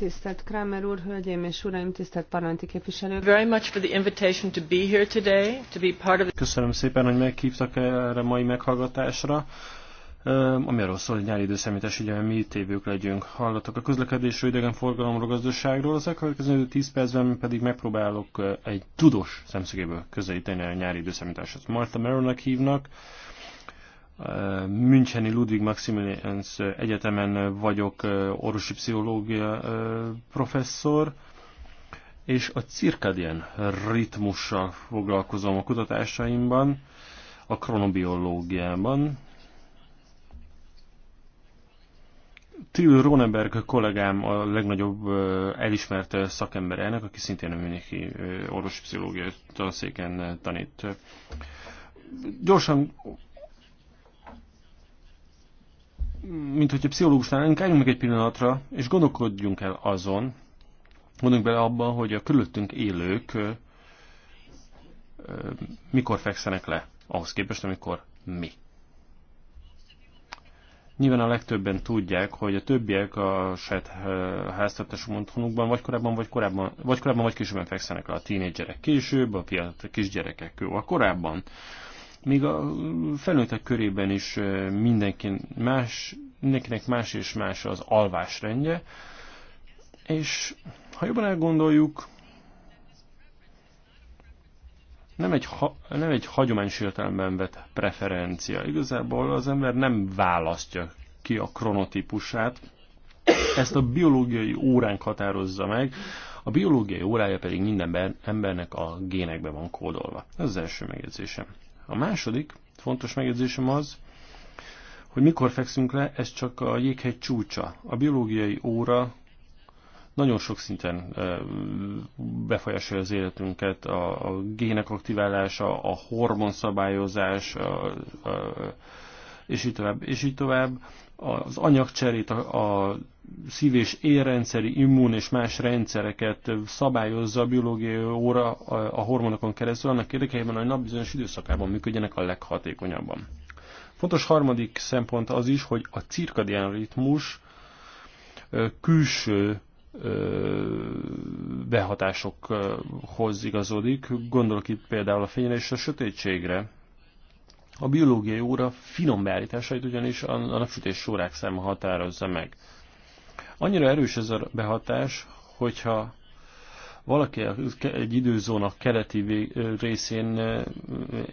Tisztelt Kramer úr, hölgyeim és uraim, tisztelt parlamenti képviselők! Very much for the invitation to be here today, to be part of... Köszönöm szépen, hogy meghívtak erre mai meghallgatásra ami arról szól, hogy nyári időszámítás ügyben mi tévők legyünk. Hallgatok a közlekedésről, idegenforgalomról, gazdaságról, az elkövetkező 10 percben pedig megpróbálok egy tudós szemszögéből közelíteni a nyári időszámításhoz. Martha Merronnek hívnak, Müncheni Ludwig Maximilians Egyetemen vagyok orvosi pszichológia professzor, és a cirkadien ritmussal foglalkozom a kutatásaimban, a kronobiológiában. Till Ronenberg kollégám a legnagyobb elismert szakember ennek, aki szintén a műnéki orvosi pszichológia tanszéken tanít. Gyorsan mint hogyha pszichológus lennénk, álljunk meg egy pillanatra, és gondolkodjunk el azon, gondoljunk bele abban, hogy a körülöttünk élők mikor fekszenek le, ahhoz képest, amikor mi. Nyilván a legtöbben tudják, hogy a többiek a saját háztartású otthonukban vagy korábban, vagy korábban, vagy korábban, vagy későbben fekszenek le a tínédzserek később, a fiatal kisgyerekek jó, a korábban még a felnőttek körében is mindenkin más, mindenkinek más és más az alvásrendje, és ha jobban elgondoljuk, nem egy, ha, nem egy hagyományos értelemben vett preferencia. Igazából az ember nem választja ki a kronotípusát, ezt a biológiai óránk határozza meg, a biológiai órája pedig minden embernek a génekben van kódolva. Ez az első megjegyzésem. A második fontos megjegyzésem az, hogy mikor fekszünk le, ez csak a jéghegy csúcsa. A biológiai óra nagyon sok szinten befolyásolja az életünket, a, a gének aktiválása, a hormonszabályozás, a, a, és így tovább, és így tovább az anyagcserét, a, a szív- és érrendszeri, immun és más rendszereket szabályozza a biológiai óra a, a hormonokon keresztül, annak érdekében, hogy nap bizonyos időszakában működjenek a leghatékonyabban. Fontos harmadik szempont az is, hogy a cirkadián ritmus külső behatásokhoz igazodik. Gondolok itt például a fényre és a sötétségre, a biológiai óra finom beállításait ugyanis a napsütés sorák száma határozza meg. Annyira erős ez a behatás, hogyha valaki egy időzóna keleti részén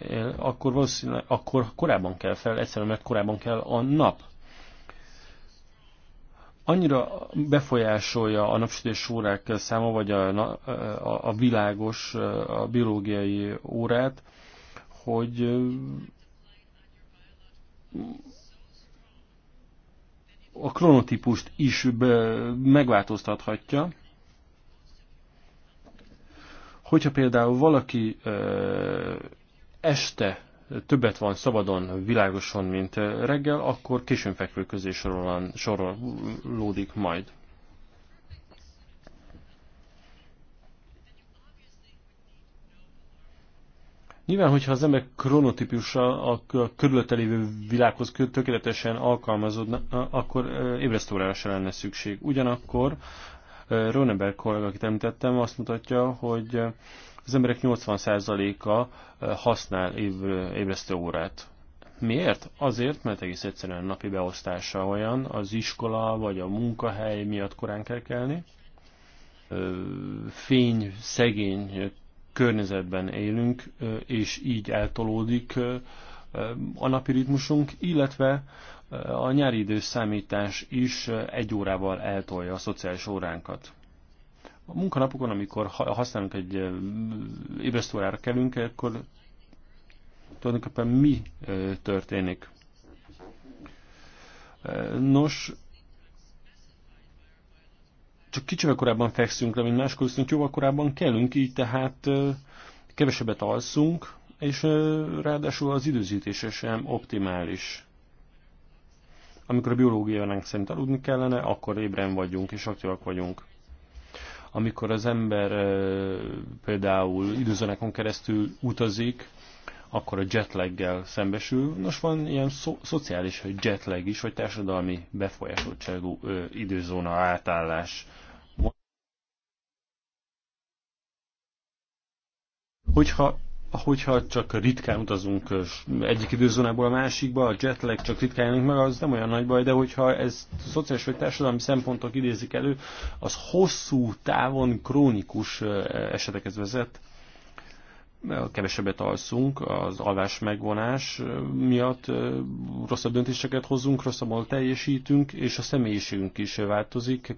él, akkor akkor korábban kell fel, egyszerűen mert korábban kell a nap. Annyira befolyásolja a napsütés órák száma, vagy a, a, a világos, a biológiai órát, hogy a kronotípust is megváltoztathatja. Hogyha például valaki este többet van szabadon, világoson, mint reggel, akkor későn fekvő közé sorolódik majd. Nyilván, hogyha az ember kronotípusa a körülötte lévő világhoz tökéletesen alkalmazódna, akkor ébresztórára se lenne szükség. Ugyanakkor Ronneberg kollega, akit említettem, azt mutatja, hogy az emberek 80%-a használ ébresztő órát. Miért? Azért, mert egész egyszerűen a napi beosztása olyan, az iskola vagy a munkahely miatt korán kell kelni, fény, szegény környezetben élünk, és így eltolódik a napi ritmusunk, illetve a nyári időszámítás is egy órával eltolja a szociális óránkat. A munkanapokon, amikor használunk egy ébresztőórára kelünk, akkor tulajdonképpen mi történik? Nos, csak kicsivel korábban fekszünk le, mint máskor, viszont jóval korábban kellünk, így tehát kevesebbet alszunk, és ráadásul az időzítése sem optimális. Amikor a biológiánk szerint aludni kellene, akkor ébren vagyunk és aktívak vagyunk. Amikor az ember például időzónákon keresztül utazik, akkor a jetlaggel szembesül. Nos, van ilyen szo szociális jetlag is, vagy társadalmi befolyásoltságú ö, időzóna átállás. Hogyha hogyha csak ritkán utazunk egyik időzónából a másikba, a jetlag csak ritkán jönnek meg, az nem olyan nagy baj, de hogyha ez szociális vagy társadalmi szempontok idézik elő, az hosszú távon krónikus esetekhez vezet, kevesebbet alszunk, az alvás megvonás miatt rosszabb döntéseket hozunk, rosszabbul teljesítünk, és a személyiségünk is változik,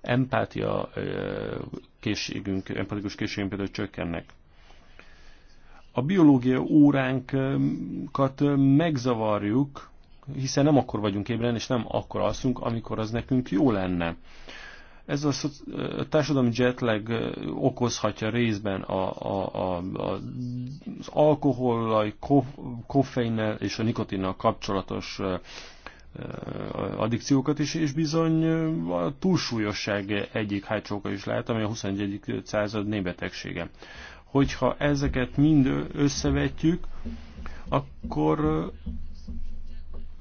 empátia készségünk, empatikus készségünk például csökkennek. A biológia óránkat megzavarjuk, hiszen nem akkor vagyunk ébren, és nem akkor alszunk, amikor az nekünk jó lenne. Ez a, a társadalmi jetlag okozhatja részben a, a, a, az alkohollal, koffeinnel és a nikotinnal kapcsolatos addikciókat is, és bizony a túlsúlyosság egyik hátsóka is lehet, ami a 21. század népbetegsége. Hogyha ezeket mind összevetjük, akkor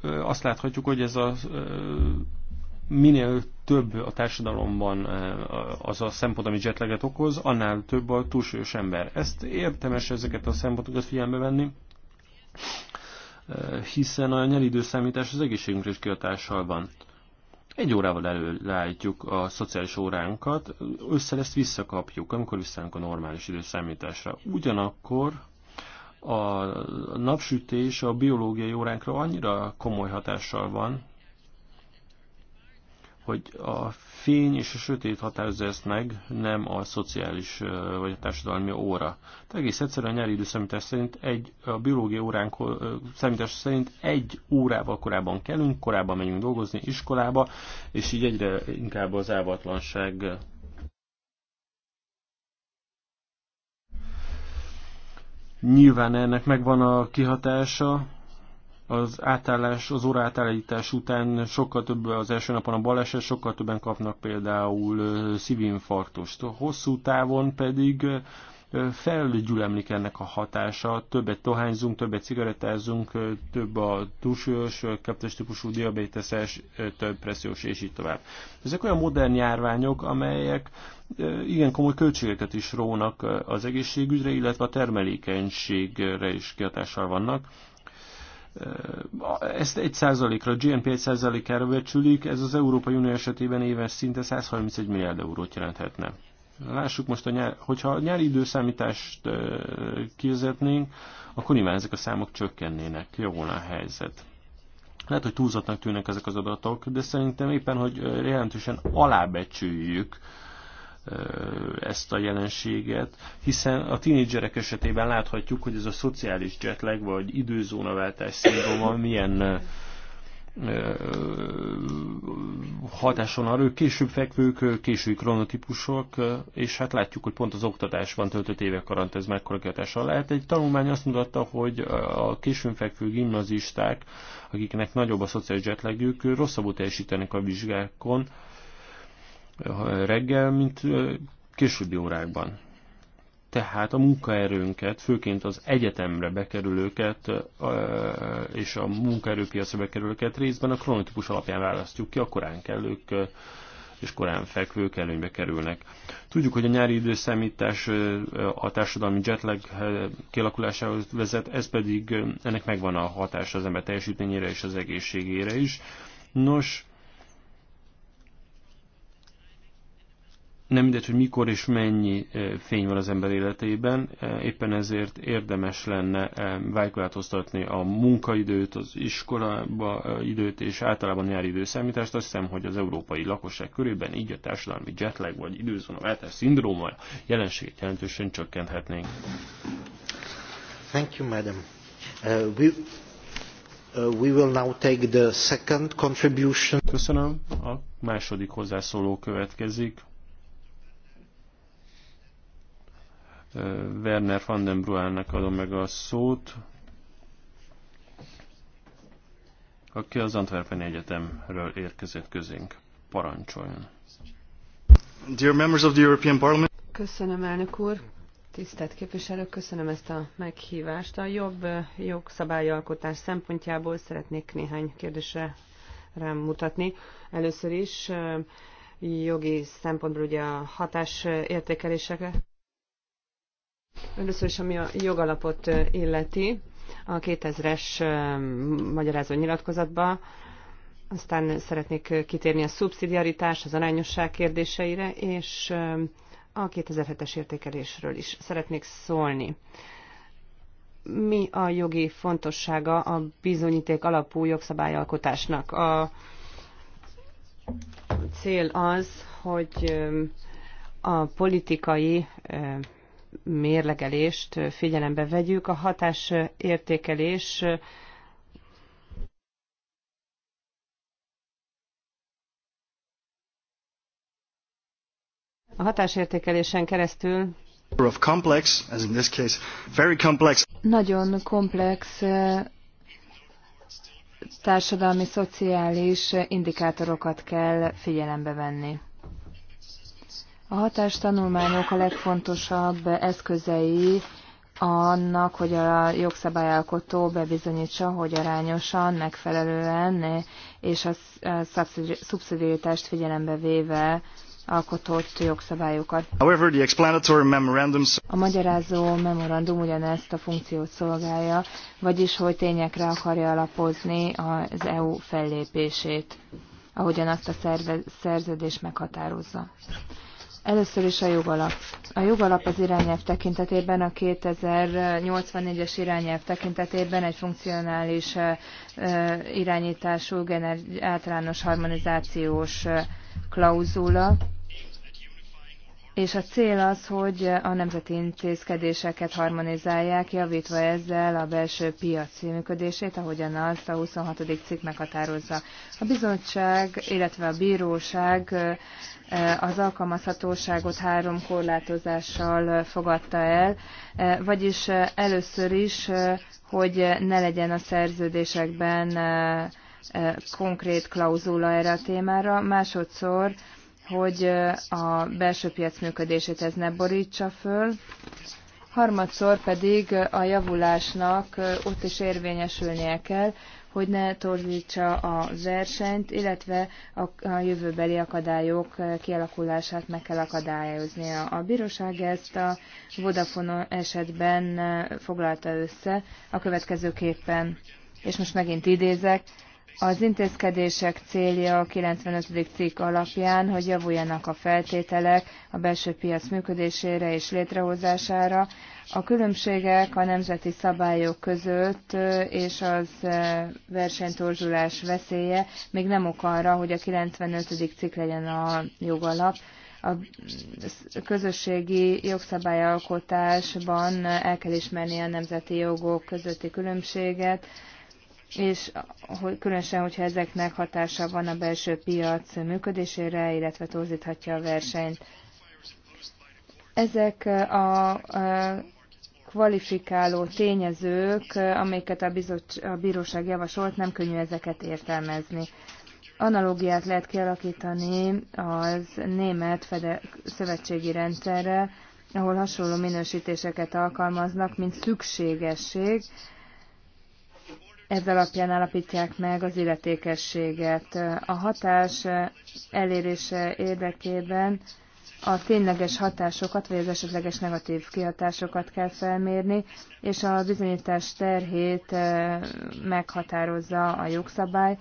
azt láthatjuk, hogy ez a minél több a társadalomban eh, az a szempont, ami jetleget okoz, annál több a túlsúlyos ember. Ezt értemes ezeket a szempontokat figyelembe venni, eh, hiszen a nyelidőszámítás az egészségünkre is kihatással van. Egy órával előállítjuk a szociális óránkat, össze ezt visszakapjuk, amikor visszánk a normális időszámításra. Ugyanakkor a napsütés a biológiai óránkra annyira komoly hatással van, hogy a fény és a sötét határozza ezt meg, nem a szociális vagy a társadalmi óra. De egész egyszerűen a nyári időszámítás szerint egy, a biológia óránk számítás szerint egy órával korábban kelünk, korábban megyünk dolgozni iskolába, és így egyre inkább az ávatlanság Nyilván ennek megvan a kihatása, az átállás, az óra átállítás után sokkal több az első napon a baleset, sokkal többen kapnak például szívinfarktust. Hosszú távon pedig felgyülemlik ennek a hatása, többet tohányzunk, többet cigarettázunk, több a túlsúlyos, kettes típusú diabéteses, több pressziós, és így tovább. Ezek olyan modern járványok, amelyek igen komoly költségeket is rónak az egészségügyre, illetve a termelékenységre is kihatással vannak ezt százalékra, ra GNP egy százalékára becsülik, ez az Európai Unió esetében éves szinte 131 milliárd eurót jelenthetne. Lássuk most, a nyár, hogyha a nyári időszámítást kivezetnénk, akkor nyilván ezek a számok csökkennének, javulna a helyzet. Lehet, hogy túlzatnak tűnnek ezek az adatok, de szerintem éppen, hogy jelentősen alábecsüljük ezt a jelenséget, hiszen a tínédzserek esetében láthatjuk, hogy ez a szociális jetlag vagy időzónaváltás szindróma milyen hatáson arra, ők később fekvők, késői kronotípusok, és hát látjuk, hogy pont az oktatásban töltött évek karant ez mekkora hatással lehet. Egy tanulmány azt mutatta, hogy a későn fekvő gimnazisták, akiknek nagyobb a szociális jetlagjük, rosszabbul teljesítenek a vizsgákon, reggel, mint későbbi órákban. Tehát a munkaerőnket, főként az egyetemre bekerülőket és a munkaerőpiacra bekerülőket részben a kronotípus alapján választjuk ki, a korán kellők és korán fekvők előnybe kerülnek. Tudjuk, hogy a nyári időszámítás a társadalmi jetlag kialakulásához vezet, ez pedig ennek megvan a hatása az ember teljesítményére és az egészségére is. Nos, nem mindegy, hogy mikor és mennyi fény van az ember életében, éppen ezért érdemes lenne változtatni a munkaidőt, az iskolába időt és általában nyári időszámítást. Azt hiszem, hogy az európai lakosság körében így a társadalmi jetlag vagy időzónaváltás szindróma jelenségét jelentősen csökkenthetnénk. Thank you, madam. Uh, we... Uh, we will now take the second contribution. Köszönöm. A második hozzászóló következik. Werner van den Bruánnak adom meg a szót, aki az Antwerpeni Egyetemről érkezett közénk. Parancsoljon! Dear members of the European Parliament. Köszönöm, elnök úr! Tisztelt képviselők, köszönöm ezt a meghívást. A jobb jogszabályalkotás szempontjából szeretnék néhány kérdésre rám mutatni. Először is jogi szempontból ugye a értékelésekre. Először is, ami a jogalapot illeti, a 2000-es magyarázó nyilatkozatba, aztán szeretnék kitérni a szubszidiaritás, az arányosság kérdéseire, és a 2007-es értékelésről is szeretnék szólni. Mi a jogi fontossága a bizonyíték alapú jogszabályalkotásnak? A cél az, hogy a politikai mérlegelést figyelembe vegyük. A hatás A hatásértékelésen keresztül nagyon komplex eh, társadalmi, szociális indikátorokat kell figyelembe venni. A hatástanulmányok a legfontosabb eszközei annak, hogy a jogszabályalkotó bebizonyítsa, hogy arányosan, megfelelően és a szubszidiaritást figyelembe véve alkotott jogszabályokat. However, the explanatory memorandums... A magyarázó memorandum ugyanezt a funkciót szolgálja, vagyis hogy tényekre akarja alapozni az EU fellépését, ahogyan azt a szerve, szerződés meghatározza. Először is a jogalap. A jogalap az irányelv tekintetében, a 2084-es irányelv tekintetében egy funkcionális irányítású általános harmonizációs klauzula, és a cél az, hogy a nemzeti intézkedéseket harmonizálják, javítva ezzel a belső piaci működését, ahogyan azt a 26. cikk meghatározza. A bizottság, illetve a bíróság eh, az alkalmazhatóságot három korlátozással fogadta el, eh, vagyis eh, először is, hogy ne legyen a szerződésekben konkrét klauzula erre a témára, másodszor, hogy a belső piac működését ez ne borítsa föl. Harmadszor pedig a javulásnak ott is érvényesülnie kell, hogy ne torzítsa a versenyt, illetve a jövőbeli akadályok kialakulását meg kell akadályoznia. A bíróság ezt a Vodafone esetben foglalta össze a következőképpen, és most megint idézek, az intézkedések célja a 95. cikk alapján, hogy javuljanak a feltételek a belső piac működésére és létrehozására. A különbségek a nemzeti szabályok között és az versenytorzulás veszélye még nem ok arra, hogy a 95. cikk legyen a jogalap. A közösségi jogszabályalkotásban el kell ismerni a nemzeti jogok közötti különbséget, és hogy különösen, hogyha ezeknek hatása van a belső piac működésére, illetve torzíthatja a versenyt. Ezek a kvalifikáló tényezők, amiket a, a bíróság javasolt, nem könnyű ezeket értelmezni. Analógiát lehet kialakítani az német fede, szövetségi rendszerre, ahol hasonló minősítéseket alkalmaznak, mint szükségesség, ez alapján állapítják meg az illetékességet. A hatás elérése érdekében a tényleges hatásokat, vagy az esetleges negatív kihatásokat kell felmérni, és a bizonyítás terhét eh, meghatározza a jogszabály.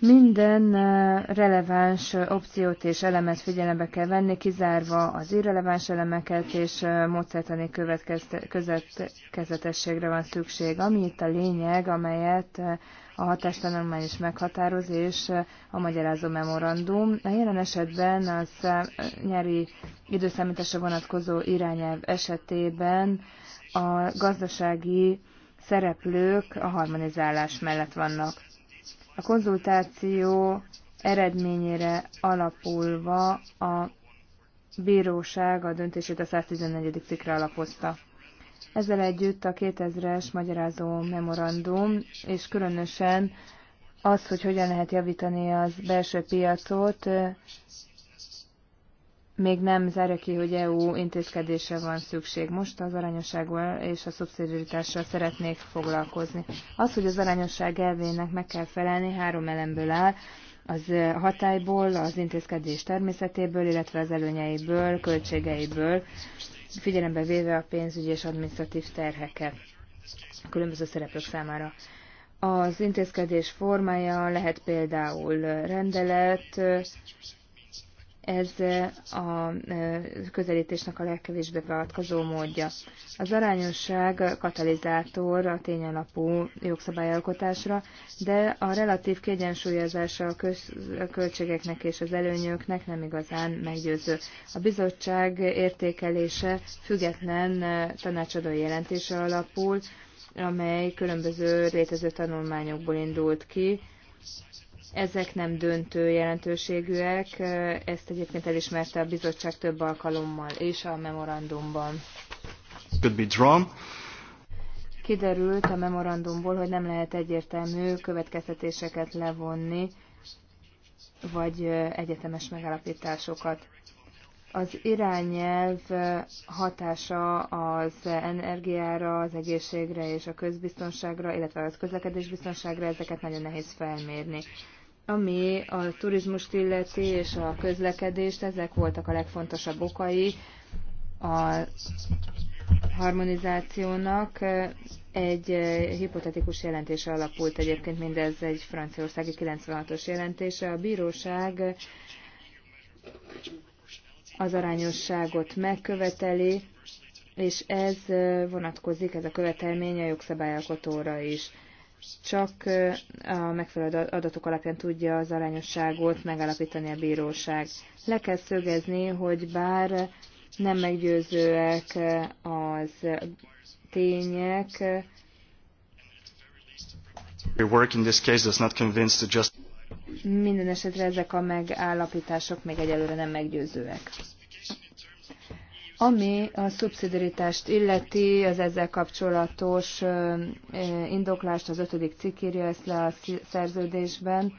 Minden eh, releváns eh, opciót és elemet figyelembe kell venni, kizárva az irreleváns elemeket, és eh, módszertani következetességre van szükség, ami itt a lényeg, amelyet a hatástanulmány is meghatároz, és a magyarázó memorandum. A jelen esetben a nyári időszámításra vonatkozó irányelv esetében a gazdasági szereplők a harmonizálás mellett vannak a konzultáció eredményére alapulva a bíróság a döntését a 114. cikkre alapozta. Ezzel együtt a 2000-es magyarázó memorandum, és különösen az, hogy hogyan lehet javítani az belső piacot, még nem zárja ki, hogy EU intézkedése van szükség. Most az arányossággal és a szubszidiaritással szeretnék foglalkozni. Az, hogy az arányosság elvének meg kell felelni, három elemből áll az hatályból, az intézkedés természetéből, illetve az előnyeiből, költségeiből, figyelembe véve a pénzügyi és adminisztratív terheket a különböző szereplők számára. Az intézkedés formája lehet például rendelet, ez a közelítésnek a legkevésbé beavatkozó módja. Az arányosság katalizátor a tényalapú jogszabályalkotásra, de a relatív kiegyensúlyozása a, a költségeknek és az előnyöknek nem igazán meggyőző. A bizottság értékelése független tanácsadói jelentése alapul, amely különböző létező tanulmányokból indult ki, ezek nem döntő jelentőségűek, ezt egyébként elismerte a bizottság több alkalommal és a memorandumban. Could be drawn. Kiderült a memorandumból, hogy nem lehet egyértelmű következtetéseket levonni, vagy egyetemes megállapításokat. Az irányelv hatása az energiára, az egészségre és a közbiztonságra, illetve az közlekedésbiztonságra, ezeket nagyon nehéz felmérni ami a turizmust illeti és a közlekedést, ezek voltak a legfontosabb okai a harmonizációnak. Egy eh, hipotetikus jelentése alapult egyébként mindez egy franciaországi 96-os jelentése. A bíróság az arányosságot megköveteli, és ez eh, vonatkozik, ez a követelmény a jogszabályalkotóra is csak a megfelelő adatok alapján tudja az arányosságot megállapítani a bíróság. Le kell szögezni, hogy bár nem meggyőzőek az tények, minden esetre ezek a megállapítások még egyelőre nem meggyőzőek. Ami a szubszidiaritást illeti, az ezzel kapcsolatos indoklást az ötödik cikk írja ezt le a szerződésben.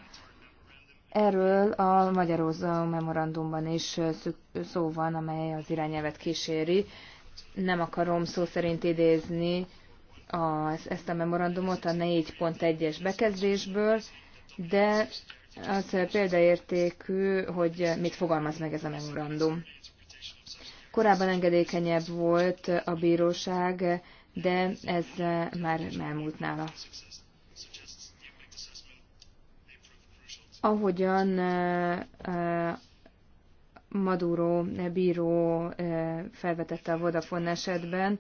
Erről a magyarózó memorandumban is szó van, amely az irányelvet kíséri. Nem akarom szó szerint idézni az, ezt a memorandumot a 4.1-es bekezdésből, de az példaértékű, hogy mit fogalmaz meg ez a memorandum. Korábban engedékenyebb volt a bíróság, de ez már elmúlt nála. Ahogyan Maduro bíró felvetette a Vodafone esetben,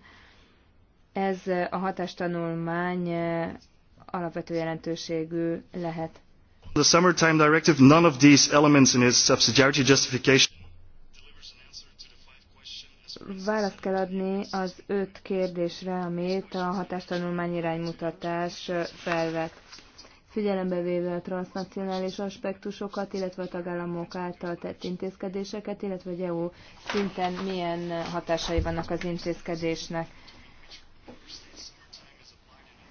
ez a hatástanulmány alapvető jelentőségű lehet. The summertime directive, none of these elements in its subsidiarity justification választ kell adni az öt kérdésre, amit a hatástanulmány iránymutatás felvet. Figyelembe véve a transnacionális aspektusokat, illetve a tagállamok által tett intézkedéseket, illetve a EU szinten milyen hatásai vannak az intézkedésnek.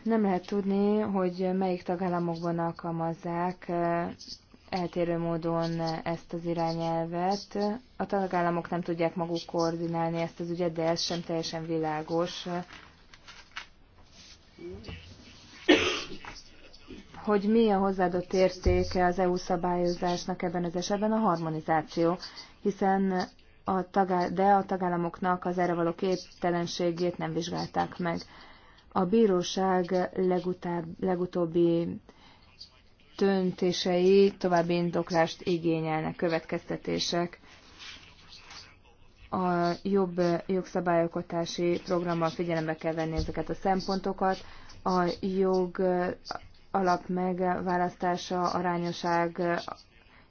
Nem lehet tudni, hogy melyik tagállamokban alkalmazzák eltérő módon ezt az irányelvet. A tagállamok nem tudják maguk koordinálni ezt az ügyet, de ez sem teljesen világos. Hogy mi a hozzáadott értéke az EU szabályozásnak ebben az esetben a harmonizáció, hiszen a tagá- de a tagállamoknak az erre való képtelenségét nem vizsgálták meg. A bíróság legutább, legutóbbi döntései további indoklást igényelnek, következtetések. A jobb jogszabályokotási programmal figyelembe kell venni ezeket a szempontokat. A jog alap megválasztása, arányosság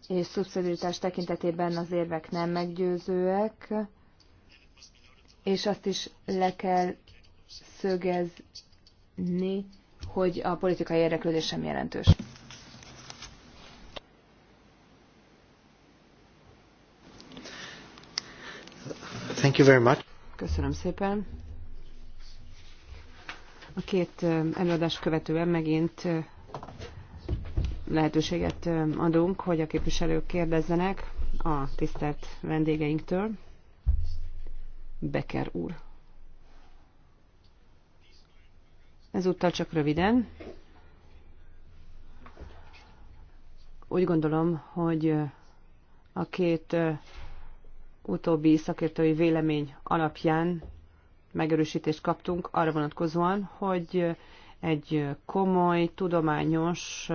és szubszidiaritás tekintetében az érvek nem meggyőzőek, és azt is le kell szögezni, hogy a politikai érdeklődés sem jelentős. Thank you very much. Köszönöm szépen. A két előadás követően megint lehetőséget adunk, hogy a képviselők kérdezzenek a tisztelt vendégeinktől. Becker úr. Ezúttal csak röviden. Úgy gondolom, hogy a két utóbbi szakértői vélemény alapján megerősítést kaptunk arra vonatkozóan, hogy egy komoly, tudományos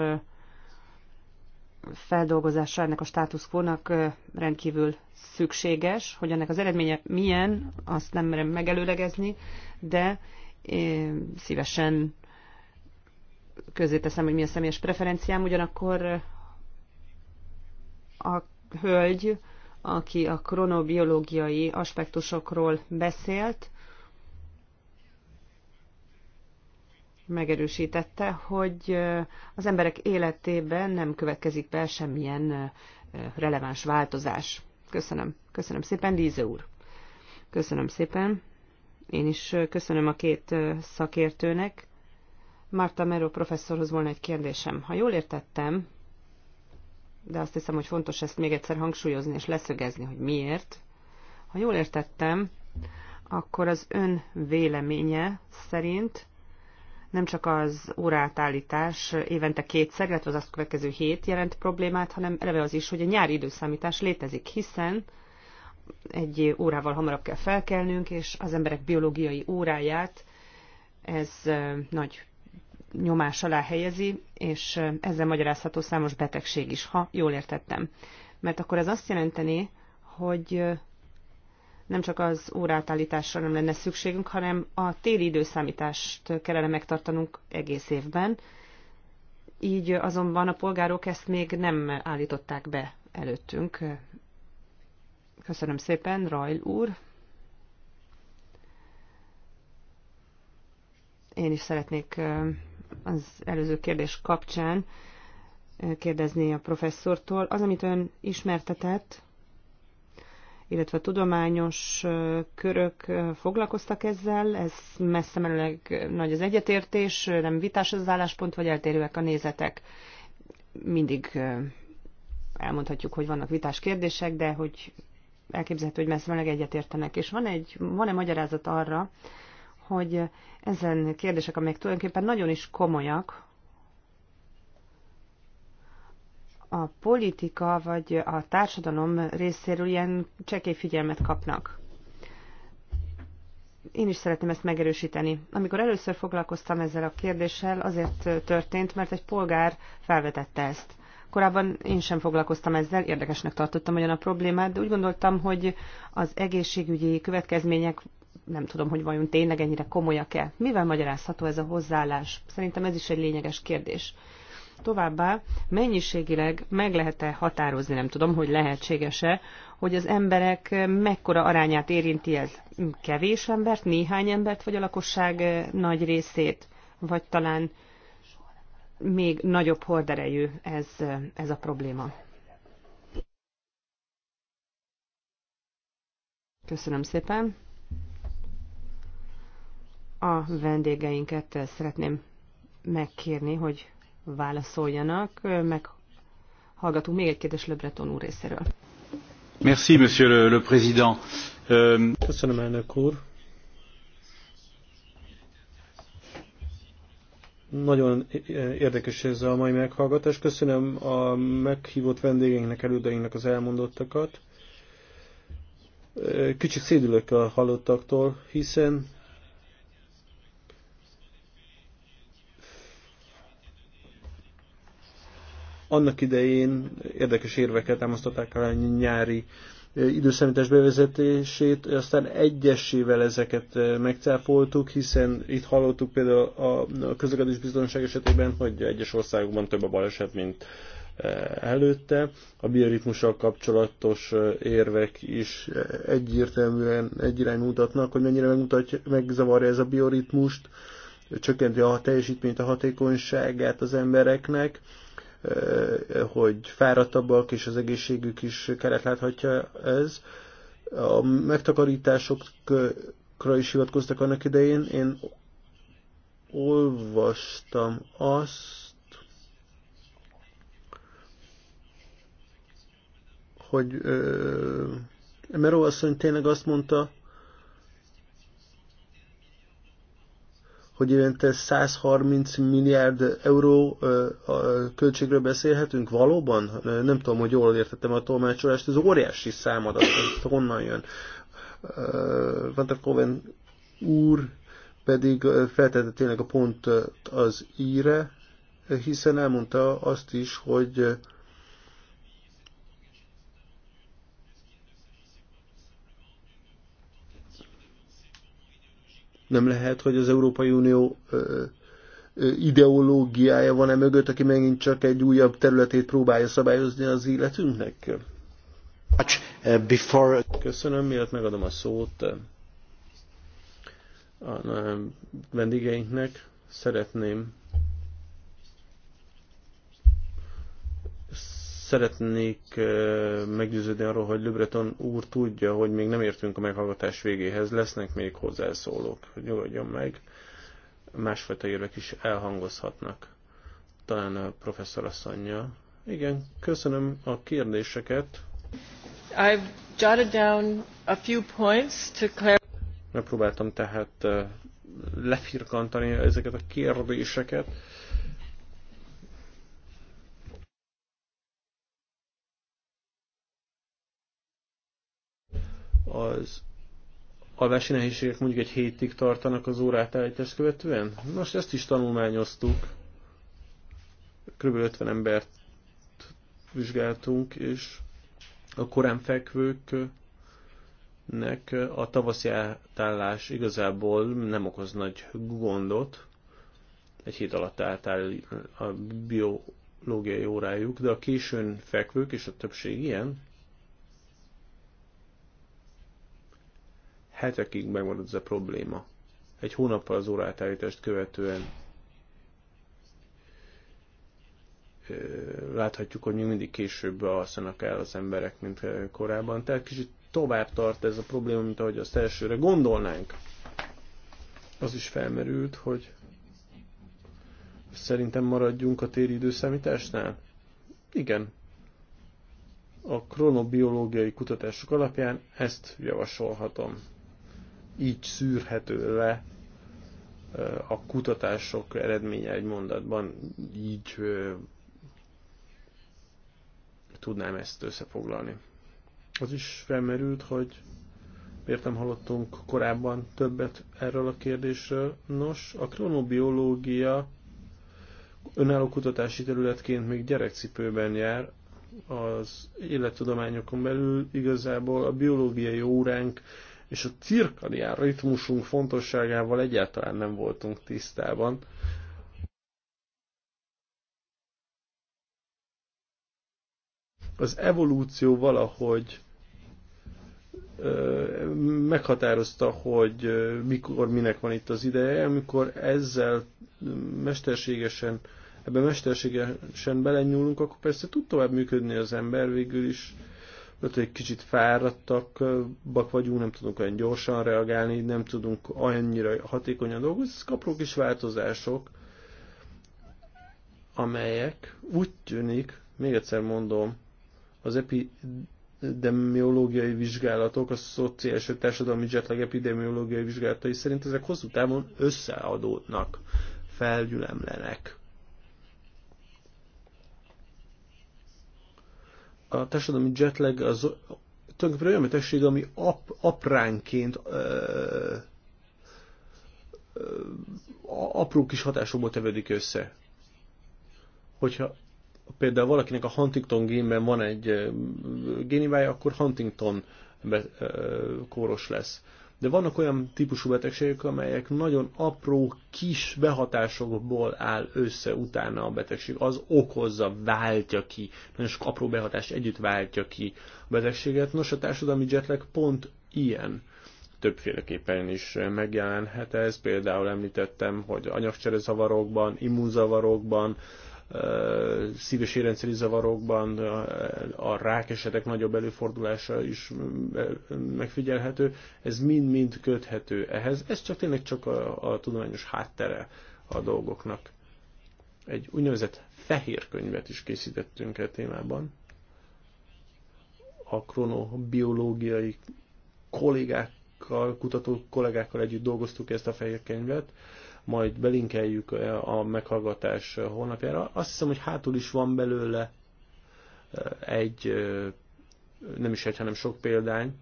feldolgozása ennek a státuszkónak rendkívül szükséges, hogy ennek az eredménye milyen, azt nem merem megelőlegezni, de szívesen teszem, hogy mi a személyes preferenciám, ugyanakkor a hölgy aki a kronobiológiai aspektusokról beszélt, megerősítette, hogy az emberek életében nem következik be semmilyen releváns változás. Köszönöm. Köszönöm szépen, Líze úr. Köszönöm szépen. Én is köszönöm a két szakértőnek. Marta Meró professzorhoz volna egy kérdésem. Ha jól értettem, de azt hiszem, hogy fontos ezt még egyszer hangsúlyozni és leszögezni, hogy miért. Ha jól értettem, akkor az ön véleménye szerint nem csak az órátállítás évente kétszer, illetve az azt következő hét jelent problémát, hanem eleve az is, hogy a nyári időszámítás létezik, hiszen egy órával hamarabb kell felkelnünk, és az emberek biológiai óráját ez nagy nyomás alá helyezi, és ezzel magyarázható számos betegség is, ha jól értettem. Mert akkor ez azt jelenteni, hogy nem csak az órátállításra nem lenne szükségünk, hanem a téli időszámítást kellene megtartanunk egész évben. Így azonban a polgárok ezt még nem állították be előttünk. Köszönöm szépen, Rajl úr. Én is szeretnék az előző kérdés kapcsán kérdezni a professzortól. Az, amit ön ismertetett, illetve a tudományos körök foglalkoztak ezzel, ez messze menőleg nagy az egyetértés, nem vitás az álláspont, vagy eltérőek a nézetek. Mindig elmondhatjuk, hogy vannak vitás kérdések, de hogy elképzelhető, hogy messze meleg egyetértenek. És van egy, van-e magyarázat arra, hogy ezen kérdések, amelyek tulajdonképpen nagyon is komolyak, a politika vagy a társadalom részéről ilyen csekély figyelmet kapnak. Én is szeretném ezt megerősíteni. Amikor először foglalkoztam ezzel a kérdéssel, azért történt, mert egy polgár felvetette ezt. Korábban én sem foglalkoztam ezzel, érdekesnek tartottam olyan a problémát, de úgy gondoltam, hogy az egészségügyi következmények nem tudom, hogy vajon tényleg ennyire komolyak-e. Mivel magyarázható ez a hozzáállás? Szerintem ez is egy lényeges kérdés. Továbbá mennyiségileg meg lehet-e határozni, nem tudom, hogy lehetséges-e, hogy az emberek mekkora arányát érinti ez? Kevés embert, néhány embert, vagy a lakosság nagy részét? Vagy talán még nagyobb horderejű ez, ez a probléma? Köszönöm szépen a vendégeinket szeretném megkérni, hogy válaszoljanak. hallgatunk még egy kérdés lebreton úr részéről. Merci, monsieur le, le président. Euh, Köszönöm, elnök úr. Nagyon érdekes ez a mai meghallgatás. Köszönöm a meghívott vendégeinknek, elődeinknek az elmondottakat. Kicsit szédülök a halottaktól, hiszen Annak idején érdekes érveket támasztották a nyári időszámítás bevezetését, aztán egyesével ezeket megcáfoltuk, hiszen itt hallottuk például a közlekedés biztonság esetében, hogy egyes országokban több a baleset, mint előtte. A bioritmussal kapcsolatos érvek is egyértelműen egy irány mutatnak, hogy mennyire megmutatja, megzavarja ez a bioritmust, csökkenti a teljesítményt, a hatékonyságát az embereknek, Eh, hogy fáradtabbak, és az egészségük is keret láthatja ez. A megtakarításokra is hivatkoztak annak idején. Én olvastam azt, hogy eh, Meró asszony tényleg azt mondta, hogy évente 130 milliárd euró költségről beszélhetünk? Valóban? Nem tudom, hogy jól értettem a tolmácsolást. Ez óriási számadat, ez honnan jön. Van der Koven úr pedig feltette tényleg a pont az íre, hiszen elmondta azt is, hogy Nem lehet, hogy az Európai Unió ideológiája van-e mögött, aki megint csak egy újabb területét próbálja szabályozni az életünknek? Uh, Köszönöm, miért megadom a szót uh, a uh, vendégeinknek. Szeretném Szeretnék meggyőződni arról, hogy Lübreton úr tudja, hogy még nem értünk a meghallgatás végéhez, lesznek még hozzászólók. Nyugodjon meg, másfajta érvek is elhangozhatnak. Talán a professzor asszonya. Igen, köszönöm a kérdéseket. I've jotted down a few points to clarify. Megpróbáltam tehát lefirkantani ezeket a kérdéseket az alvási nehézségek mondjuk egy hétig tartanak az órát állítást követően? Most ezt is tanulmányoztuk. Kb. 50 embert vizsgáltunk, és a korán fekvőknek a tavaszi átállás igazából nem okoz nagy gondot. Egy hét alatt átáll a biológiai órájuk, de a későn fekvők, és a többség ilyen, hetekig megmarad ez a probléma. Egy hónappal az órátállítást követően láthatjuk, hogy még mindig később alszanak el az emberek, mint korábban. Tehát kicsit tovább tart ez a probléma, mint ahogy azt elsőre gondolnánk. Az is felmerült, hogy szerintem maradjunk a téri időszámításnál. Igen. A kronobiológiai kutatások alapján ezt javasolhatom így szűrhető le a kutatások eredménye egy mondatban, így tudnám ezt összefoglalni. Az is felmerült, hogy miért nem hallottunk korábban többet erről a kérdésről. Nos, a kronobiológia önálló kutatási területként még gyerekcipőben jár, az élettudományokon belül igazából a biológiai óránk és a cirkadián ritmusunk fontosságával egyáltalán nem voltunk tisztában. Az evolúció valahogy meghatározta, hogy mikor minek van itt az ideje, amikor ezzel mesterségesen ebben mesterségesen belenyúlunk, akkor persze tud tovább működni az ember végül is, lehet, hogy egy kicsit fáradtakbak vagyunk, nem tudunk olyan gyorsan reagálni, nem tudunk annyira hatékonyan dolgozni. ez apró kis változások, amelyek úgy tűnik, még egyszer mondom, az epidemiológiai vizsgálatok, a szociális társadalmi jetlag epidemiológiai vizsgálatai szerint ezek hosszú távon összeadódnak, felgyülemlenek. a társadalmi jetlag az tulajdonképpen olyan betegség, ami ap, apránként ö, ö, apró kis hatásokból tevődik össze. Hogyha például valakinek a Huntington génben van egy génibája, akkor Huntington be, ö, kóros lesz de vannak olyan típusú betegségek, amelyek nagyon apró, kis behatásokból áll össze utána a betegség. Az okozza, váltja ki, nagyon sok apró behatás együtt váltja ki a betegséget. Nos, a társadalmi jetlag pont ilyen többféleképpen is megjelenhet ez. Például említettem, hogy anyagcserezavarokban, immunzavarokban, szív- érrendszeri zavarokban a rákesetek nagyobb előfordulása is megfigyelhető. Ez mind-mind köthető ehhez. Ez csak tényleg csak a, a tudományos háttere a dolgoknak. Egy úgynevezett fehér könyvet is készítettünk e témában. A kronobiológiai kollégák kollégákkal, kutató kollégákkal együtt dolgoztuk ezt a fehér könyvet, majd belinkeljük eh, a meghallgatás honlapjára. Azt hiszem, hogy hátul is van belőle eh, egy, eh, nem is egy, hanem sok példány.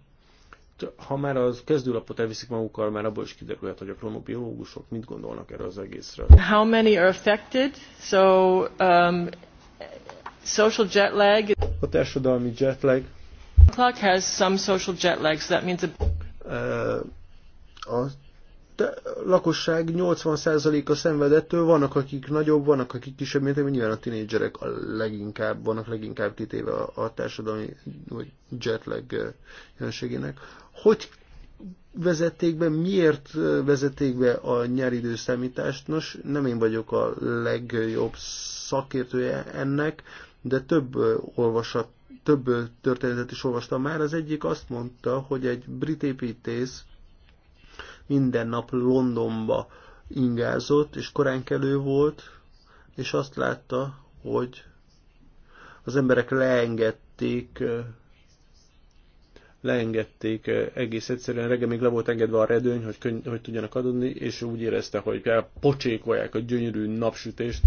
Ha már az kezdőlapot elviszik magukkal, már abból is kiderülhet, hogy a kronobiológusok mit gondolnak erről az egészről. How many are affected? So, um, social jet lag. A társadalmi jet lag. Clock has some social jet lag, so that means a a lakosság 80%-a szenvedettől, vannak akik nagyobb, vannak akik kisebb mértékben, nyilván a tinédzserek a leginkább, vannak leginkább kitéve a, a társadalmi vagy jetlag jelenségének. Hogy vezették be, miért vezették be a nyári időszámítást? Nos, nem én vagyok a legjobb szakértője ennek, de több olvasat több történetet is olvastam már. Az egyik azt mondta, hogy egy brit építész minden nap Londonba ingázott, és kelő volt, és azt látta, hogy az emberek leengedték leengedték, egész egyszerűen reggel még le volt engedve a redőny, hogy, könny- hogy tudjanak adni, és úgy érezte, hogy pocsékolják a gyönyörű napsütést.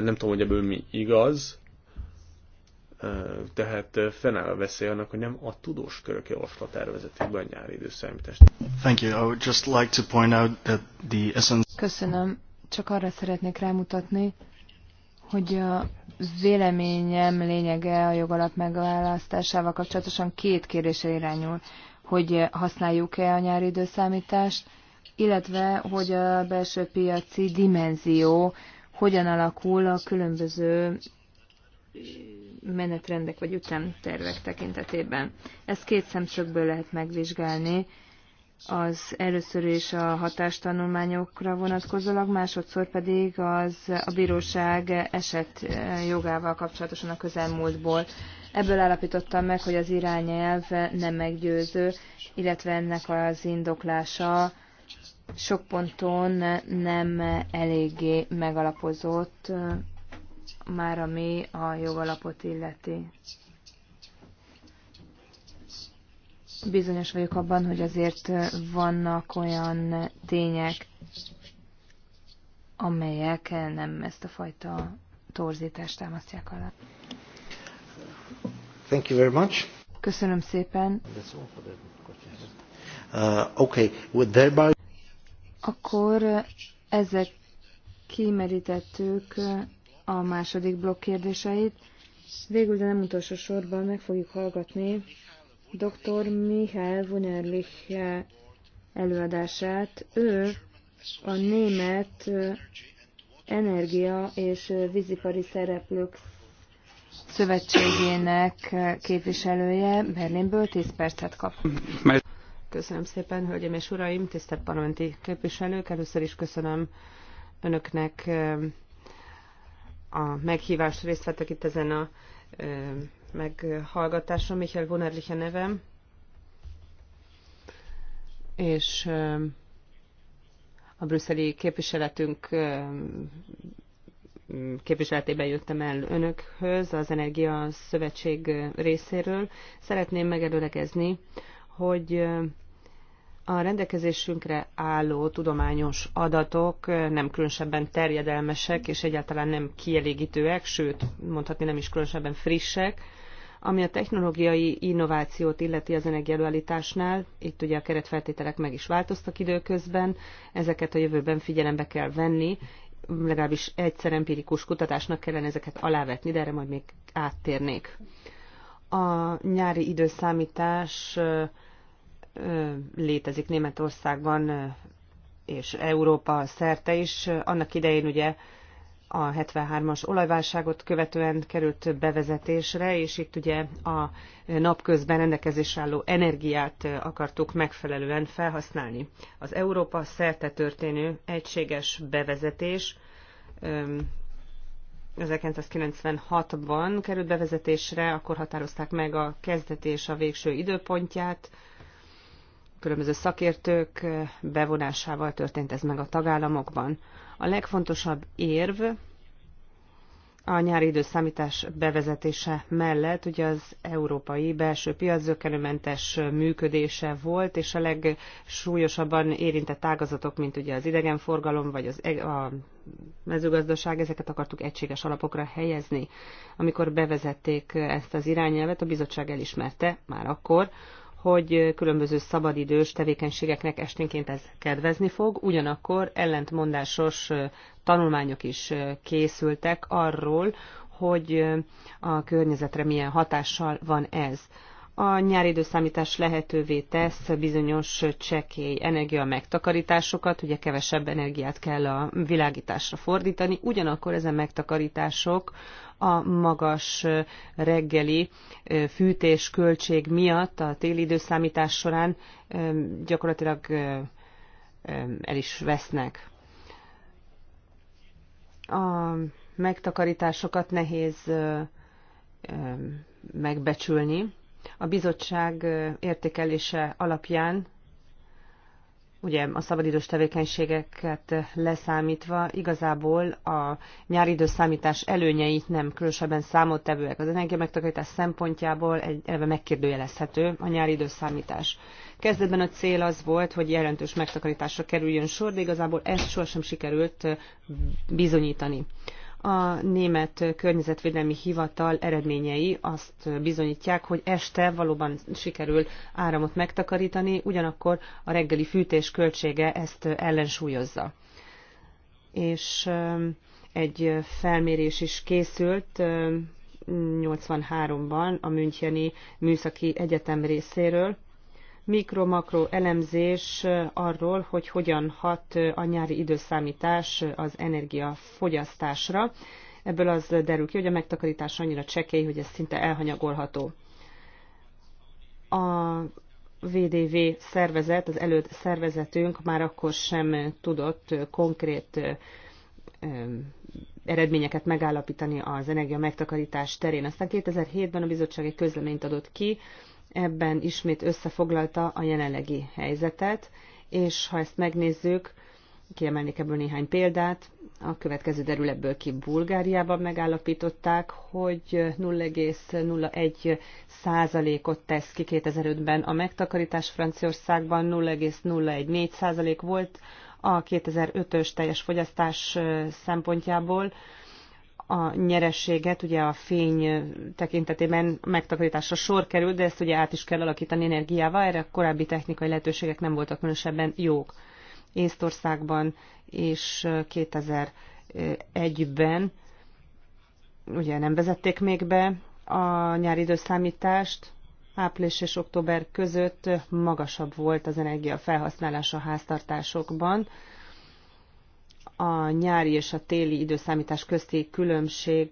Nem tudom, hogy ebből mi igaz tehát fennáll a veszély annak, hogy nem a tudós körök javaslat vezetik be a nyári időszámítást. Thank you. I would just like to point out that the essence... Köszönöm. Csak arra szeretnék rámutatni, hogy a véleményem lényege a jogalap megválasztásával kapcsolatosan két kérdésre irányul, hogy használjuk-e a nyári időszámítást, illetve hogy a belső piaci dimenzió hogyan alakul a különböző menetrendek vagy ütemtervek tekintetében. Ezt két szemszögből lehet megvizsgálni. Az először is a hatástanulmányokra vonatkozólag, másodszor pedig az a bíróság eset jogával kapcsolatosan a közelmúltból. Ebből állapítottam meg, hogy az irányelv nem meggyőző, illetve ennek az indoklása sok ponton nem eléggé megalapozott már ami a jogalapot illeti. Bizonyos vagyok abban, hogy azért vannak olyan tények, amelyek nem ezt a fajta torzítást támasztják alá. Thank you very much. Köszönöm szépen. Uh, okay. With thereby... Akkor ezek kimerítettük a második blokk kérdéseit. Végül, de nem utolsó sorban meg fogjuk hallgatni dr. Michael Wunerlich előadását. Ő a német energia és vízipari szereplők szövetségének képviselője Berlinből 10 percet kap. Köszönöm szépen, hölgyeim és uraim, tisztelt parlamenti képviselők. Először is köszönöm önöknek a meghívást, részt vettek itt ezen a ö, meghallgatáson. Michael Wunerlich a nevem, és ö, a brüsszeli képviseletünk ö, képviseletében jöttem el önökhöz az Energia Szövetség részéről. Szeretném megelőlegezni, hogy a rendelkezésünkre álló tudományos adatok nem különösebben terjedelmesek, és egyáltalán nem kielégítőek, sőt, mondhatni nem is különösebben frissek. Ami a technológiai innovációt illeti az energiaelőállításnál, itt ugye a keretfeltételek meg is változtak időközben, ezeket a jövőben figyelembe kell venni, legalábbis egyszer empirikus kutatásnak kellene ezeket alávetni, de erre majd még áttérnék. A nyári időszámítás létezik Németországban és Európa szerte is. Annak idején ugye a 73-as olajválságot követően került bevezetésre, és itt ugye a napközben rendelkezésre álló energiát akartuk megfelelően felhasználni. Az Európa szerte történő egységes bevezetés 1996-ban került bevezetésre, akkor határozták meg a kezdetés és a végső időpontját, különböző szakértők eh, bevonásával történt ez meg a tagállamokban. A legfontosabb érv a nyári időszámítás bevezetése mellett ugye az európai belső piac zökkenőmentes működése volt, és a legsúlyosabban érintett ágazatok, mint ugye az idegenforgalom vagy az, e- a mezőgazdaság, ezeket akartuk egységes alapokra helyezni. Amikor bevezették ezt az irányelvet, a bizottság elismerte már akkor, hogy különböző szabadidős tevékenységeknek esténként ez kedvezni fog, ugyanakkor ellentmondásos tanulmányok is készültek arról, hogy a környezetre milyen hatással van ez. A nyári időszámítás lehetővé tesz bizonyos csekély energia megtakarításokat, ugye kevesebb energiát kell a világításra fordítani, ugyanakkor ezen megtakarítások a magas reggeli fűtés költség miatt a téli időszámítás során gyakorlatilag el is vesznek. A megtakarításokat nehéz megbecsülni. A bizottság értékelése alapján ugye a szabadidős tevékenységeket leszámítva igazából a nyári időszámítás előnyeit nem különösebben számottevőek. Az megtakarítás szempontjából egy eleve megkérdőjelezhető a nyári időszámítás. Kezdetben a cél az volt, hogy jelentős megtakarításra kerüljön sor, de igazából ezt sohasem sikerült bizonyítani. A német környezetvédelmi hivatal eredményei azt bizonyítják, hogy este valóban sikerül áramot megtakarítani, ugyanakkor a reggeli fűtés költsége ezt ellensúlyozza. És egy felmérés is készült 83-ban a Müncheni Műszaki Egyetem részéről, mikro elemzés arról, hogy hogyan hat a nyári időszámítás az energiafogyasztásra. Ebből az derül ki, hogy a megtakarítás annyira csekély, hogy ez szinte elhanyagolható. A VDV szervezet, az előtt szervezetünk már akkor sem tudott konkrét eredményeket megállapítani az energia megtakarítás terén. Aztán 2007-ben a bizottság egy közleményt adott ki, ebben ismét összefoglalta a jelenlegi helyzetet, és ha ezt megnézzük, kiemelnék ebből néhány példát. A következő derül ebből ki Bulgáriában megállapították, hogy 0,01 százalékot tesz ki 2005-ben a megtakarítás Franciaországban, 0,014 százalék volt a 2005-ös teljes fogyasztás szempontjából, a nyerességet, ugye a fény tekintetében megtakarításra sor kerül, de ezt ugye át is kell alakítani energiával, erre a korábbi technikai lehetőségek nem voltak különösebben jók. Észtországban és 2001-ben ugye nem vezették még be a nyári időszámítást, április és október között magasabb volt az energia felhasználása a háztartásokban, a nyári és a téli időszámítás közti különbség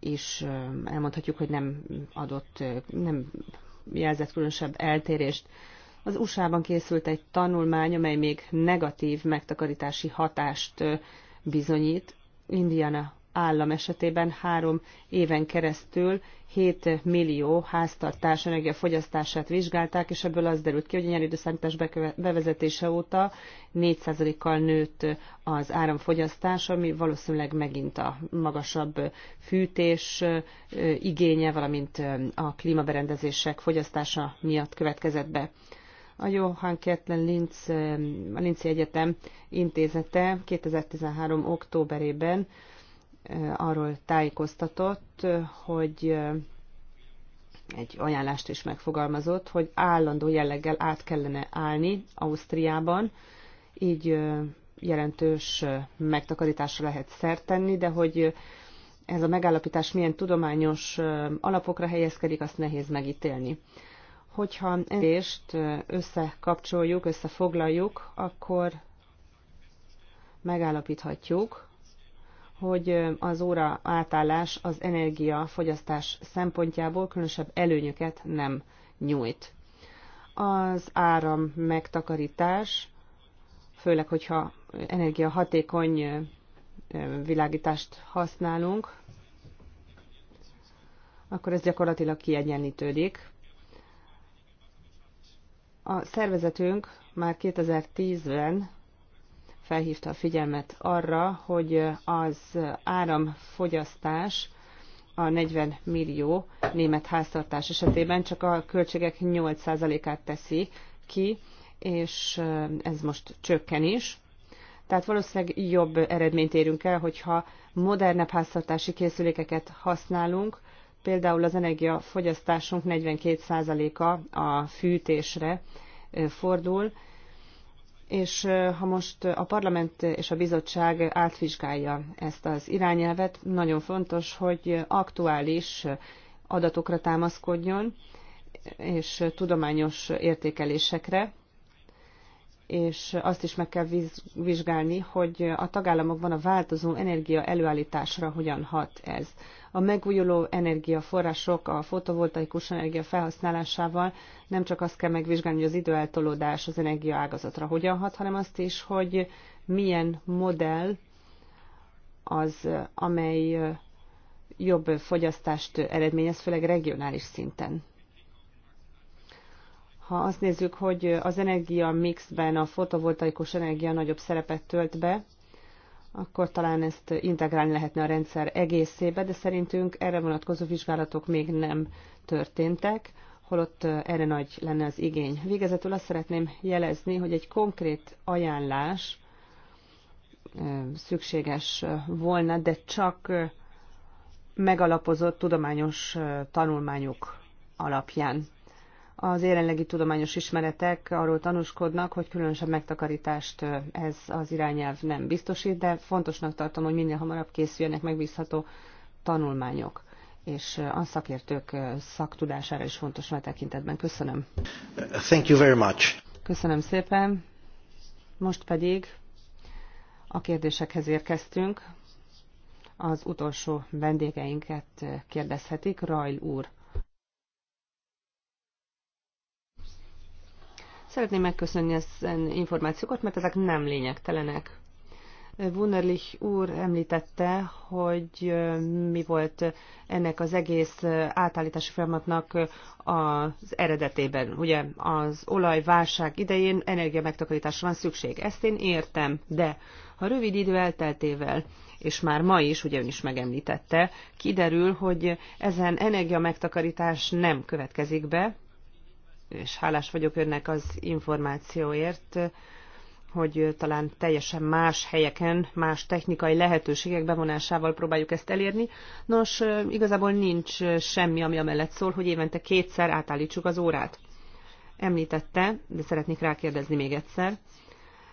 is elmondhatjuk, hogy nem adott, nem jelzett különösebb eltérést. Az USA-ban készült egy tanulmány, amely még negatív megtakarítási hatást bizonyít. Indiana állam esetében három éven keresztül 7 millió háztartás energiafogyasztását vizsgálták, és ebből az derült ki, hogy a nyári időszámítás bevezetése óta 4%-kal nőtt az áramfogyasztás, ami valószínűleg megint a magasabb fűtés igénye, valamint a klímaberendezések fogyasztása miatt következett be a Johann Kertlen Linz, a Linci Egyetem intézete 2013. októberében arról tájékoztatott, hogy egy ajánlást is megfogalmazott, hogy állandó jelleggel át kellene állni Ausztriában, így jelentős megtakarításra lehet szert tenni, de hogy ez a megállapítás milyen tudományos alapokra helyezkedik, azt nehéz megítélni. Hogyha ezt összekapcsoljuk, összefoglaljuk, akkor megállapíthatjuk, hogy az óra átállás az energiafogyasztás szempontjából különösebb előnyöket nem nyújt. Az áram megtakarítás, főleg, hogyha energiahatékony világítást használunk, akkor ez gyakorlatilag kiegyenlítődik. A szervezetünk már 2010-ben felhívta a figyelmet arra, hogy az áramfogyasztás a 40 millió német háztartás esetében csak a költségek 8%-át teszi ki, és ez most csökken is. Tehát valószínűleg jobb eredményt érünk el, hogyha modernebb háztartási készülékeket használunk, például az energiafogyasztásunk 42%-a a fűtésre fordul, és ha most a parlament és a bizottság átvizsgálja ezt az irányelvet, nagyon fontos, hogy aktuális adatokra támaszkodjon, és tudományos értékelésekre, és azt is meg kell vizsgálni, hogy a tagállamokban a változó energia előállításra hogyan hat ez. A megújuló energiaforrások a fotovoltaikus energia felhasználásával nem csak azt kell megvizsgálni, hogy az időeltolódás az energiaágazatra hogyan hat, hanem azt is, hogy milyen modell az, amely jobb fogyasztást eredményez, főleg regionális szinten. Ha azt nézzük, hogy az energia mixben a fotovoltaikus energia nagyobb szerepet tölt be, akkor talán ezt integrálni lehetne a rendszer egészébe, de szerintünk erre vonatkozó vizsgálatok még nem történtek, holott erre nagy lenne az igény. Végezetül azt szeretném jelezni, hogy egy konkrét ajánlás szükséges volna, de csak megalapozott tudományos tanulmányok alapján. Az jelenlegi tudományos ismeretek arról tanúskodnak, hogy különösebb megtakarítást ez az irányelv nem biztosít, de fontosnak tartom, hogy minél hamarabb készüljenek megbízható tanulmányok és a szakértők szaktudására is fontos a tekintetben. Köszönöm. Thank you very much. Köszönöm szépen. Most pedig a kérdésekhez érkeztünk. Az utolsó vendégeinket kérdezhetik. Rajl úr Szeretném megköszönni ezen információkat, mert ezek nem lényegtelenek. Wunderlich úr említette, hogy mi volt ennek az egész átállítási folyamatnak az eredetében. Ugye az olajválság idején energiamegtakarításra van szükség. Ezt én értem, de ha rövid idő elteltével és már ma is, ugye ön is megemlítette, kiderül, hogy ezen energiamegtakarítás nem következik be, és hálás vagyok önnek az információért, hogy talán teljesen más helyeken, más technikai lehetőségek bevonásával próbáljuk ezt elérni. Nos, igazából nincs semmi, ami amellett szól, hogy évente kétszer átállítsuk az órát. Említette, de szeretnék rákérdezni még egyszer,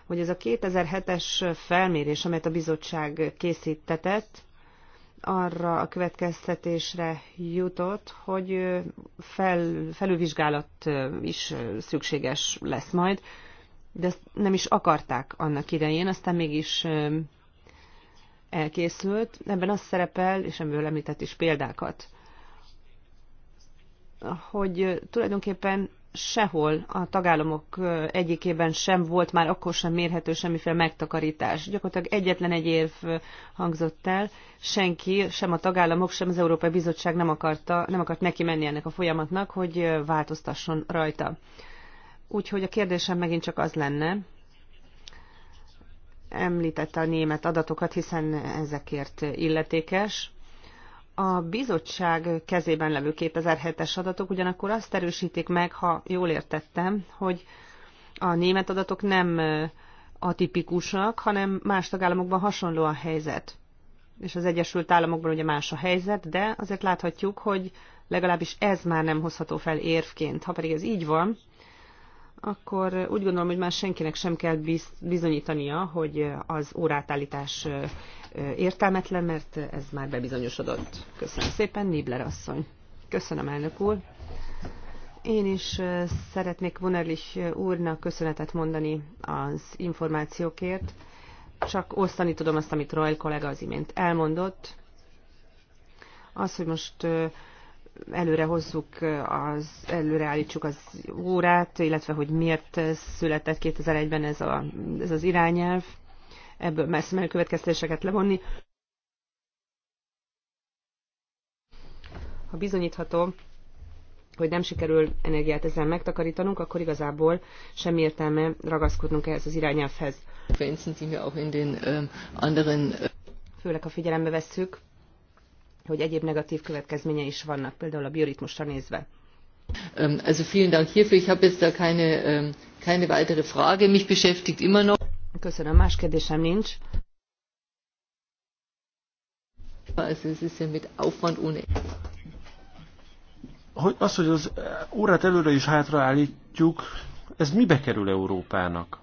hogy ez a 2007-es felmérés, amelyet a bizottság készítetett, arra a következtetésre jutott, hogy fel, felülvizsgálat is szükséges lesz majd, de ezt nem is akarták annak idején, aztán mégis elkészült. Ebben az szerepel, és ebből említett is példákat, hogy tulajdonképpen sehol a tagállamok egyikében sem volt már akkor sem mérhető semmiféle megtakarítás. Gyakorlatilag egyetlen egy érv hangzott el, senki, sem a tagállamok, sem az Európai Bizottság nem, akarta, nem akart neki menni ennek a folyamatnak, hogy változtasson rajta. Úgyhogy a kérdésem megint csak az lenne, említette a német adatokat, hiszen ezekért illetékes, a bizottság kezében levő 2007-es adatok ugyanakkor azt erősítik meg, ha jól értettem, hogy a német adatok nem atipikusak, hanem más tagállamokban hasonló a helyzet. És az Egyesült Államokban ugye más a helyzet, de azért láthatjuk, hogy legalábbis ez már nem hozható fel érvként. Ha pedig ez így van, akkor úgy gondolom, hogy már senkinek sem kell bizonyítania, hogy az órátállítás értelmetlen, mert ez már bebizonyosodott. Köszönöm szépen, Nibler asszony. Köszönöm, elnök úr. Én is szeretnék Vonerlich úrnak köszönetet mondani az információkért. Csak osztani tudom azt, amit Royal kollega az imént elmondott. Az, hogy most előre hozzuk, az, előreállítsuk az órát, illetve hogy miért született 2001-ben ez, a, ez az irányelv, ebből messze menő következtetéseket levonni. Ha bizonyítható, hogy nem sikerül energiát ezzel megtakarítanunk, akkor igazából semmi értelme ragaszkodnunk ehhez az irányelvhez. Ähm, äh, Főleg, ha figyelembe vesszük, hogy egyéb negatív következményei is vannak, például a bioritmusra nézve. Ähm, also vielen Dank hierfür. Ich habe jetzt da keine, ähm, keine weitere Frage. Mich beschäftigt immer noch. Köszönöm, más kérdésem nincs. Also es ist ja mit Aufwand ohne hogy az, hogy az órát előre is hátraállítjuk, ez mibe kerül Európának?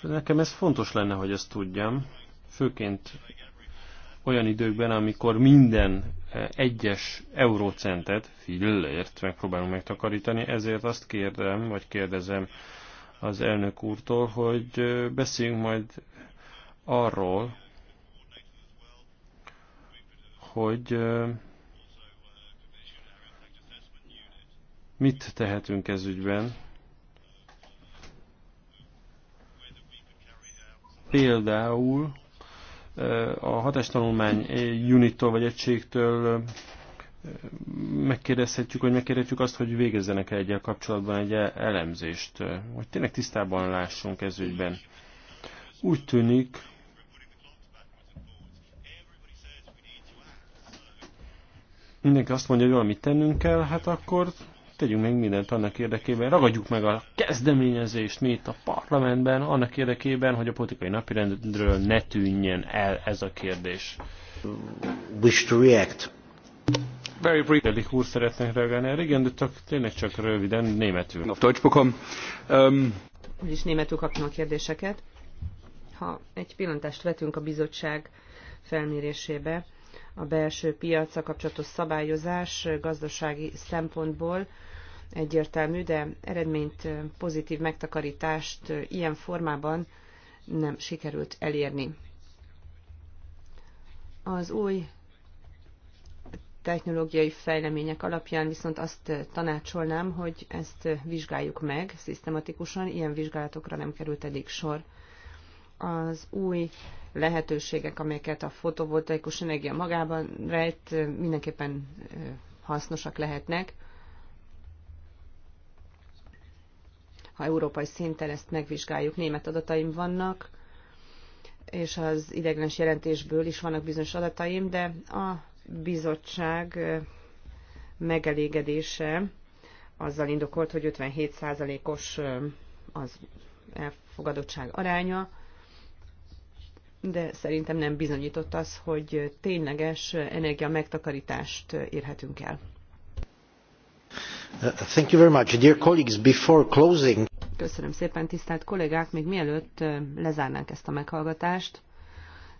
Nekem ez fontos lenne, hogy ezt tudjam, főként olyan időkben, amikor minden eh, egyes eurócentet, fillért megpróbálunk megtakarítani, ezért azt kérdem, vagy kérdezem az elnök úrtól, hogy eh, beszéljünk majd arról, hogy eh, mit tehetünk ez ügyben, Például a hatástanulmány unittól vagy egységtől megkérdezhetjük, hogy megkérdezhetjük azt, hogy végezzenek-e egyel kapcsolatban egy elemzést, hogy tényleg tisztában lássunk ez ügyben. Úgy tűnik, mindenki azt mondja, hogy valamit tennünk kell, hát akkor tegyünk meg mindent annak érdekében, ragadjuk meg a kezdeményezést mi itt a parlamentben, annak érdekében, hogy a politikai napirendről ne tűnjen el ez a kérdés. Wish to react. Very brief. Elik úr szeretnék reagálni erre, igen, de csak, tényleg csak röviden németül. Auf Deutsch bekommen. Um... Úgyis németül kaptam a kérdéseket. Ha egy pillantást vetünk a bizottság felmérésébe, a belső piaca kapcsolatos szabályozás gazdasági szempontból egyértelmű, de eredményt, pozitív megtakarítást ilyen formában nem sikerült elérni. Az új technológiai fejlemények alapján viszont azt tanácsolnám, hogy ezt vizsgáljuk meg szisztematikusan, ilyen vizsgálatokra nem került eddig sor. Az új lehetőségek, amelyeket a fotovoltaikus energia magában rejt, mindenképpen hasznosak lehetnek ha európai szinten ezt megvizsgáljuk. Német adataim vannak, és az ideglenes jelentésből is vannak bizonyos adataim, de a bizottság megelégedése azzal indokolt, hogy 57%-os az elfogadottság aránya, de szerintem nem bizonyított az, hogy tényleges energia megtakarítást érhetünk el. Köszönöm szépen, tisztelt kollégák! Még mielőtt lezárnánk ezt a meghallgatást,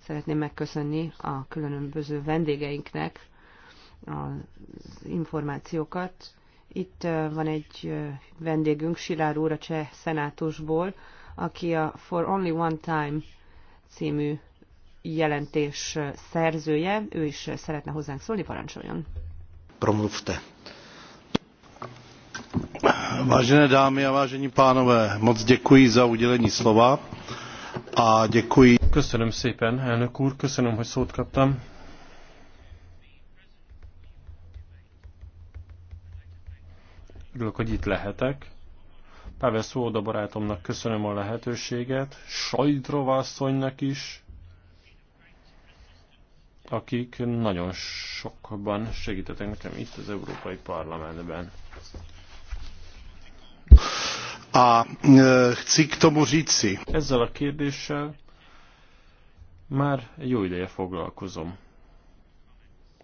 szeretném megköszönni a különböző vendégeinknek az információkat. Itt van egy vendégünk, Silár úr a cseh szenátusból, aki a For Only One Time című jelentés szerzője. Ő is szeretne hozzánk szólni, parancsoljon. Promluvte. Vážené dámy a vážení pánové, moc děkuji za udělení slova a děkuji. Köszönöm szépen, elnök úr, köszönöm, hogy szót kaptam. Örülök, hogy itt lehetek. Pavel Szóda barátomnak köszönöm a lehetőséget, Sajdrova asszonynak is, akik nagyon sokban segítettek nekem itt az Európai Parlamentben. A e, chci k tomu říci. Ezzel a kérdéssel már jó ideje foglalkozom.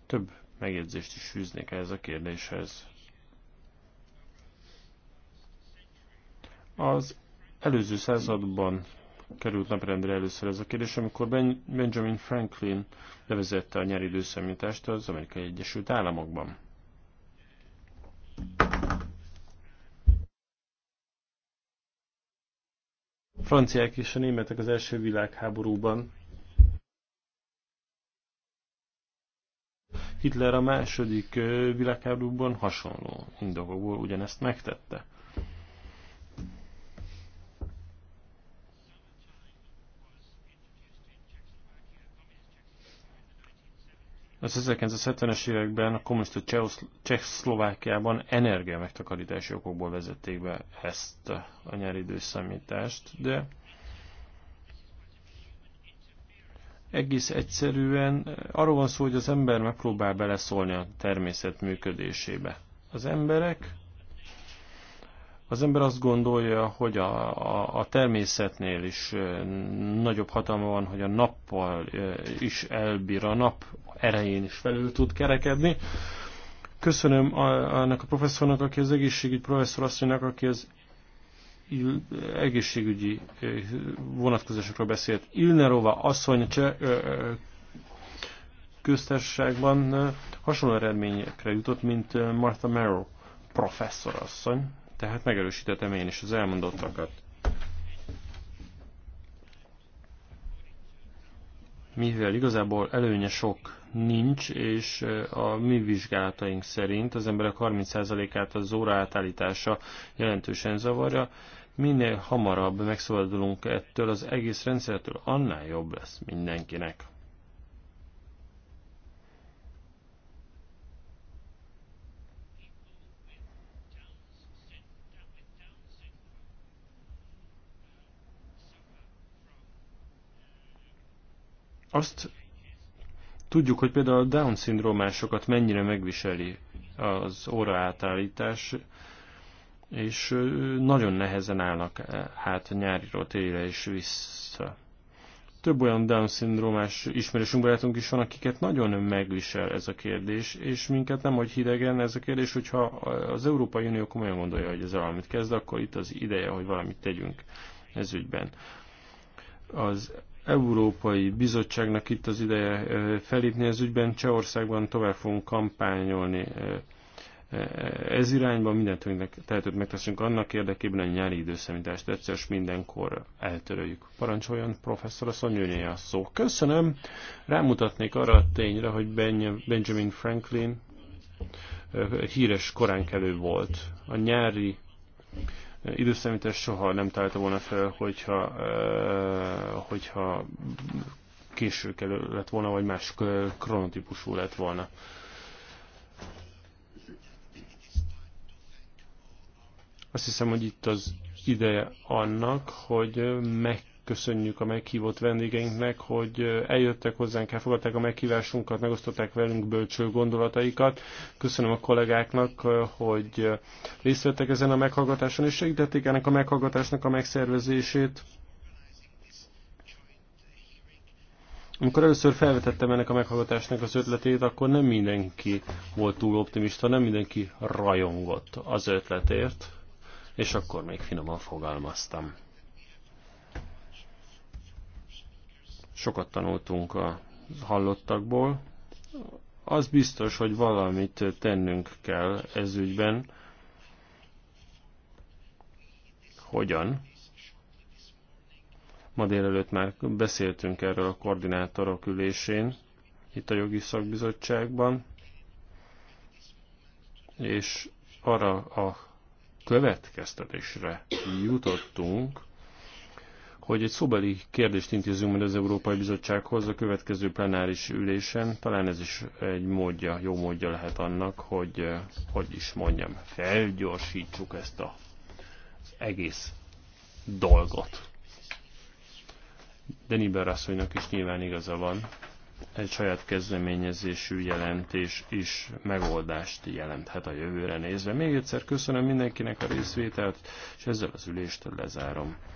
Több megjegyzést is fűznék ehhez a kérdéshez. Az előző században került napirendre először ez a kérdés, amikor ben Benjamin Franklin levezette a nyári időszámítást az Amerikai Egyesült Államokban. franciák és a németek az első világháborúban. Hitler a második világháborúban hasonló indokokból ugyanezt megtette. Az 1970-es években a kommunista Csehszlovákiában energia megtakarítási okokból vezették be ezt a nyári időszámítást, de egész egyszerűen arról van szó, hogy az ember megpróbál beleszólni a természet működésébe. Az emberek az ember azt gondolja, hogy a, a, a természetnél is nagyobb hatalma van, hogy a nappal is elbír, a nap erején is felül tud kerekedni. Köszönöm annak a professzornak, aki az egészségügyi professzor asszonynak, aki az egészségügyi vonatkozásokról beszélt. Ilnerova asszony cseh, köztársaságban hasonló eredményekre jutott, mint Martha Merrow professzorasszony tehát megerősítettem én is az elmondottakat. mivel igazából előnye sok nincs, és a mi vizsgálataink szerint az emberek 30%-át az óra átállítása jelentősen zavarja. Minél hamarabb megszabadulunk ettől az egész rendszertől, annál jobb lesz mindenkinek. Azt tudjuk, hogy például a Down-szindrómásokat mennyire megviseli az óra és nagyon nehezen állnak hát nyáriról télre és vissza. Több olyan Down-szindrómás ismerősünk barátunk is van, akiket nagyon megvisel ez a kérdés, és minket nem, hogy hidegen ez a kérdés, hogyha az Európai Unió komolyan gondolja, hogy ez valamit kezd, akkor itt az ideje, hogy valamit tegyünk ez ügyben. Az Európai Bizottságnak itt az ideje felépni az ügyben. Csehországban tovább fogunk kampányolni ez irányba mindent tehetőt megteszünk annak érdekében, hogy a nyári időszemítást egyszer mindenkor eltöröljük. Parancsoljon professzor, a szonyőnyé a szó. Köszönöm. Rámutatnék arra a tényre, hogy Benjamin Franklin híres koránkelő volt. A nyári Időszámítás soha nem találta volna fel, hogyha, hogyha késő lett volna, vagy más kronotípusú lett volna. Azt hiszem, hogy itt az ideje annak, hogy meg köszönjük a meghívott vendégeinknek, hogy eljöttek hozzánk, elfogadták a meghívásunkat, megosztották velünk bölcső gondolataikat. Köszönöm a kollégáknak, hogy részt vettek ezen a meghallgatáson, és segítették ennek a meghallgatásnak a megszervezését. Amikor először felvetettem ennek a meghallgatásnak az ötletét, akkor nem mindenki volt túl optimista, nem mindenki rajongott az ötletért, és akkor még finoman fogalmaztam. Sokat tanultunk a hallottakból. Az biztos, hogy valamit tennünk kell ez ügyben. Hogyan? Ma délelőtt már beszéltünk erről a koordinátorok ülésén, itt a jogi szakbizottságban, és arra a következtetésre jutottunk, hogy egy szóbeli kérdést intézünk majd az Európai Bizottsághoz a következő plenáris ülésen. Talán ez is egy módja, jó módja lehet annak, hogy, eh, hogy is mondjam, felgyorsítsuk ezt a, az egész dolgot. Deni asszonynak is nyilván igaza van, egy saját kezdeményezésű jelentés is megoldást jelenthet a jövőre nézve. Még egyszer köszönöm mindenkinek a részvételt, és ezzel az üléstől lezárom.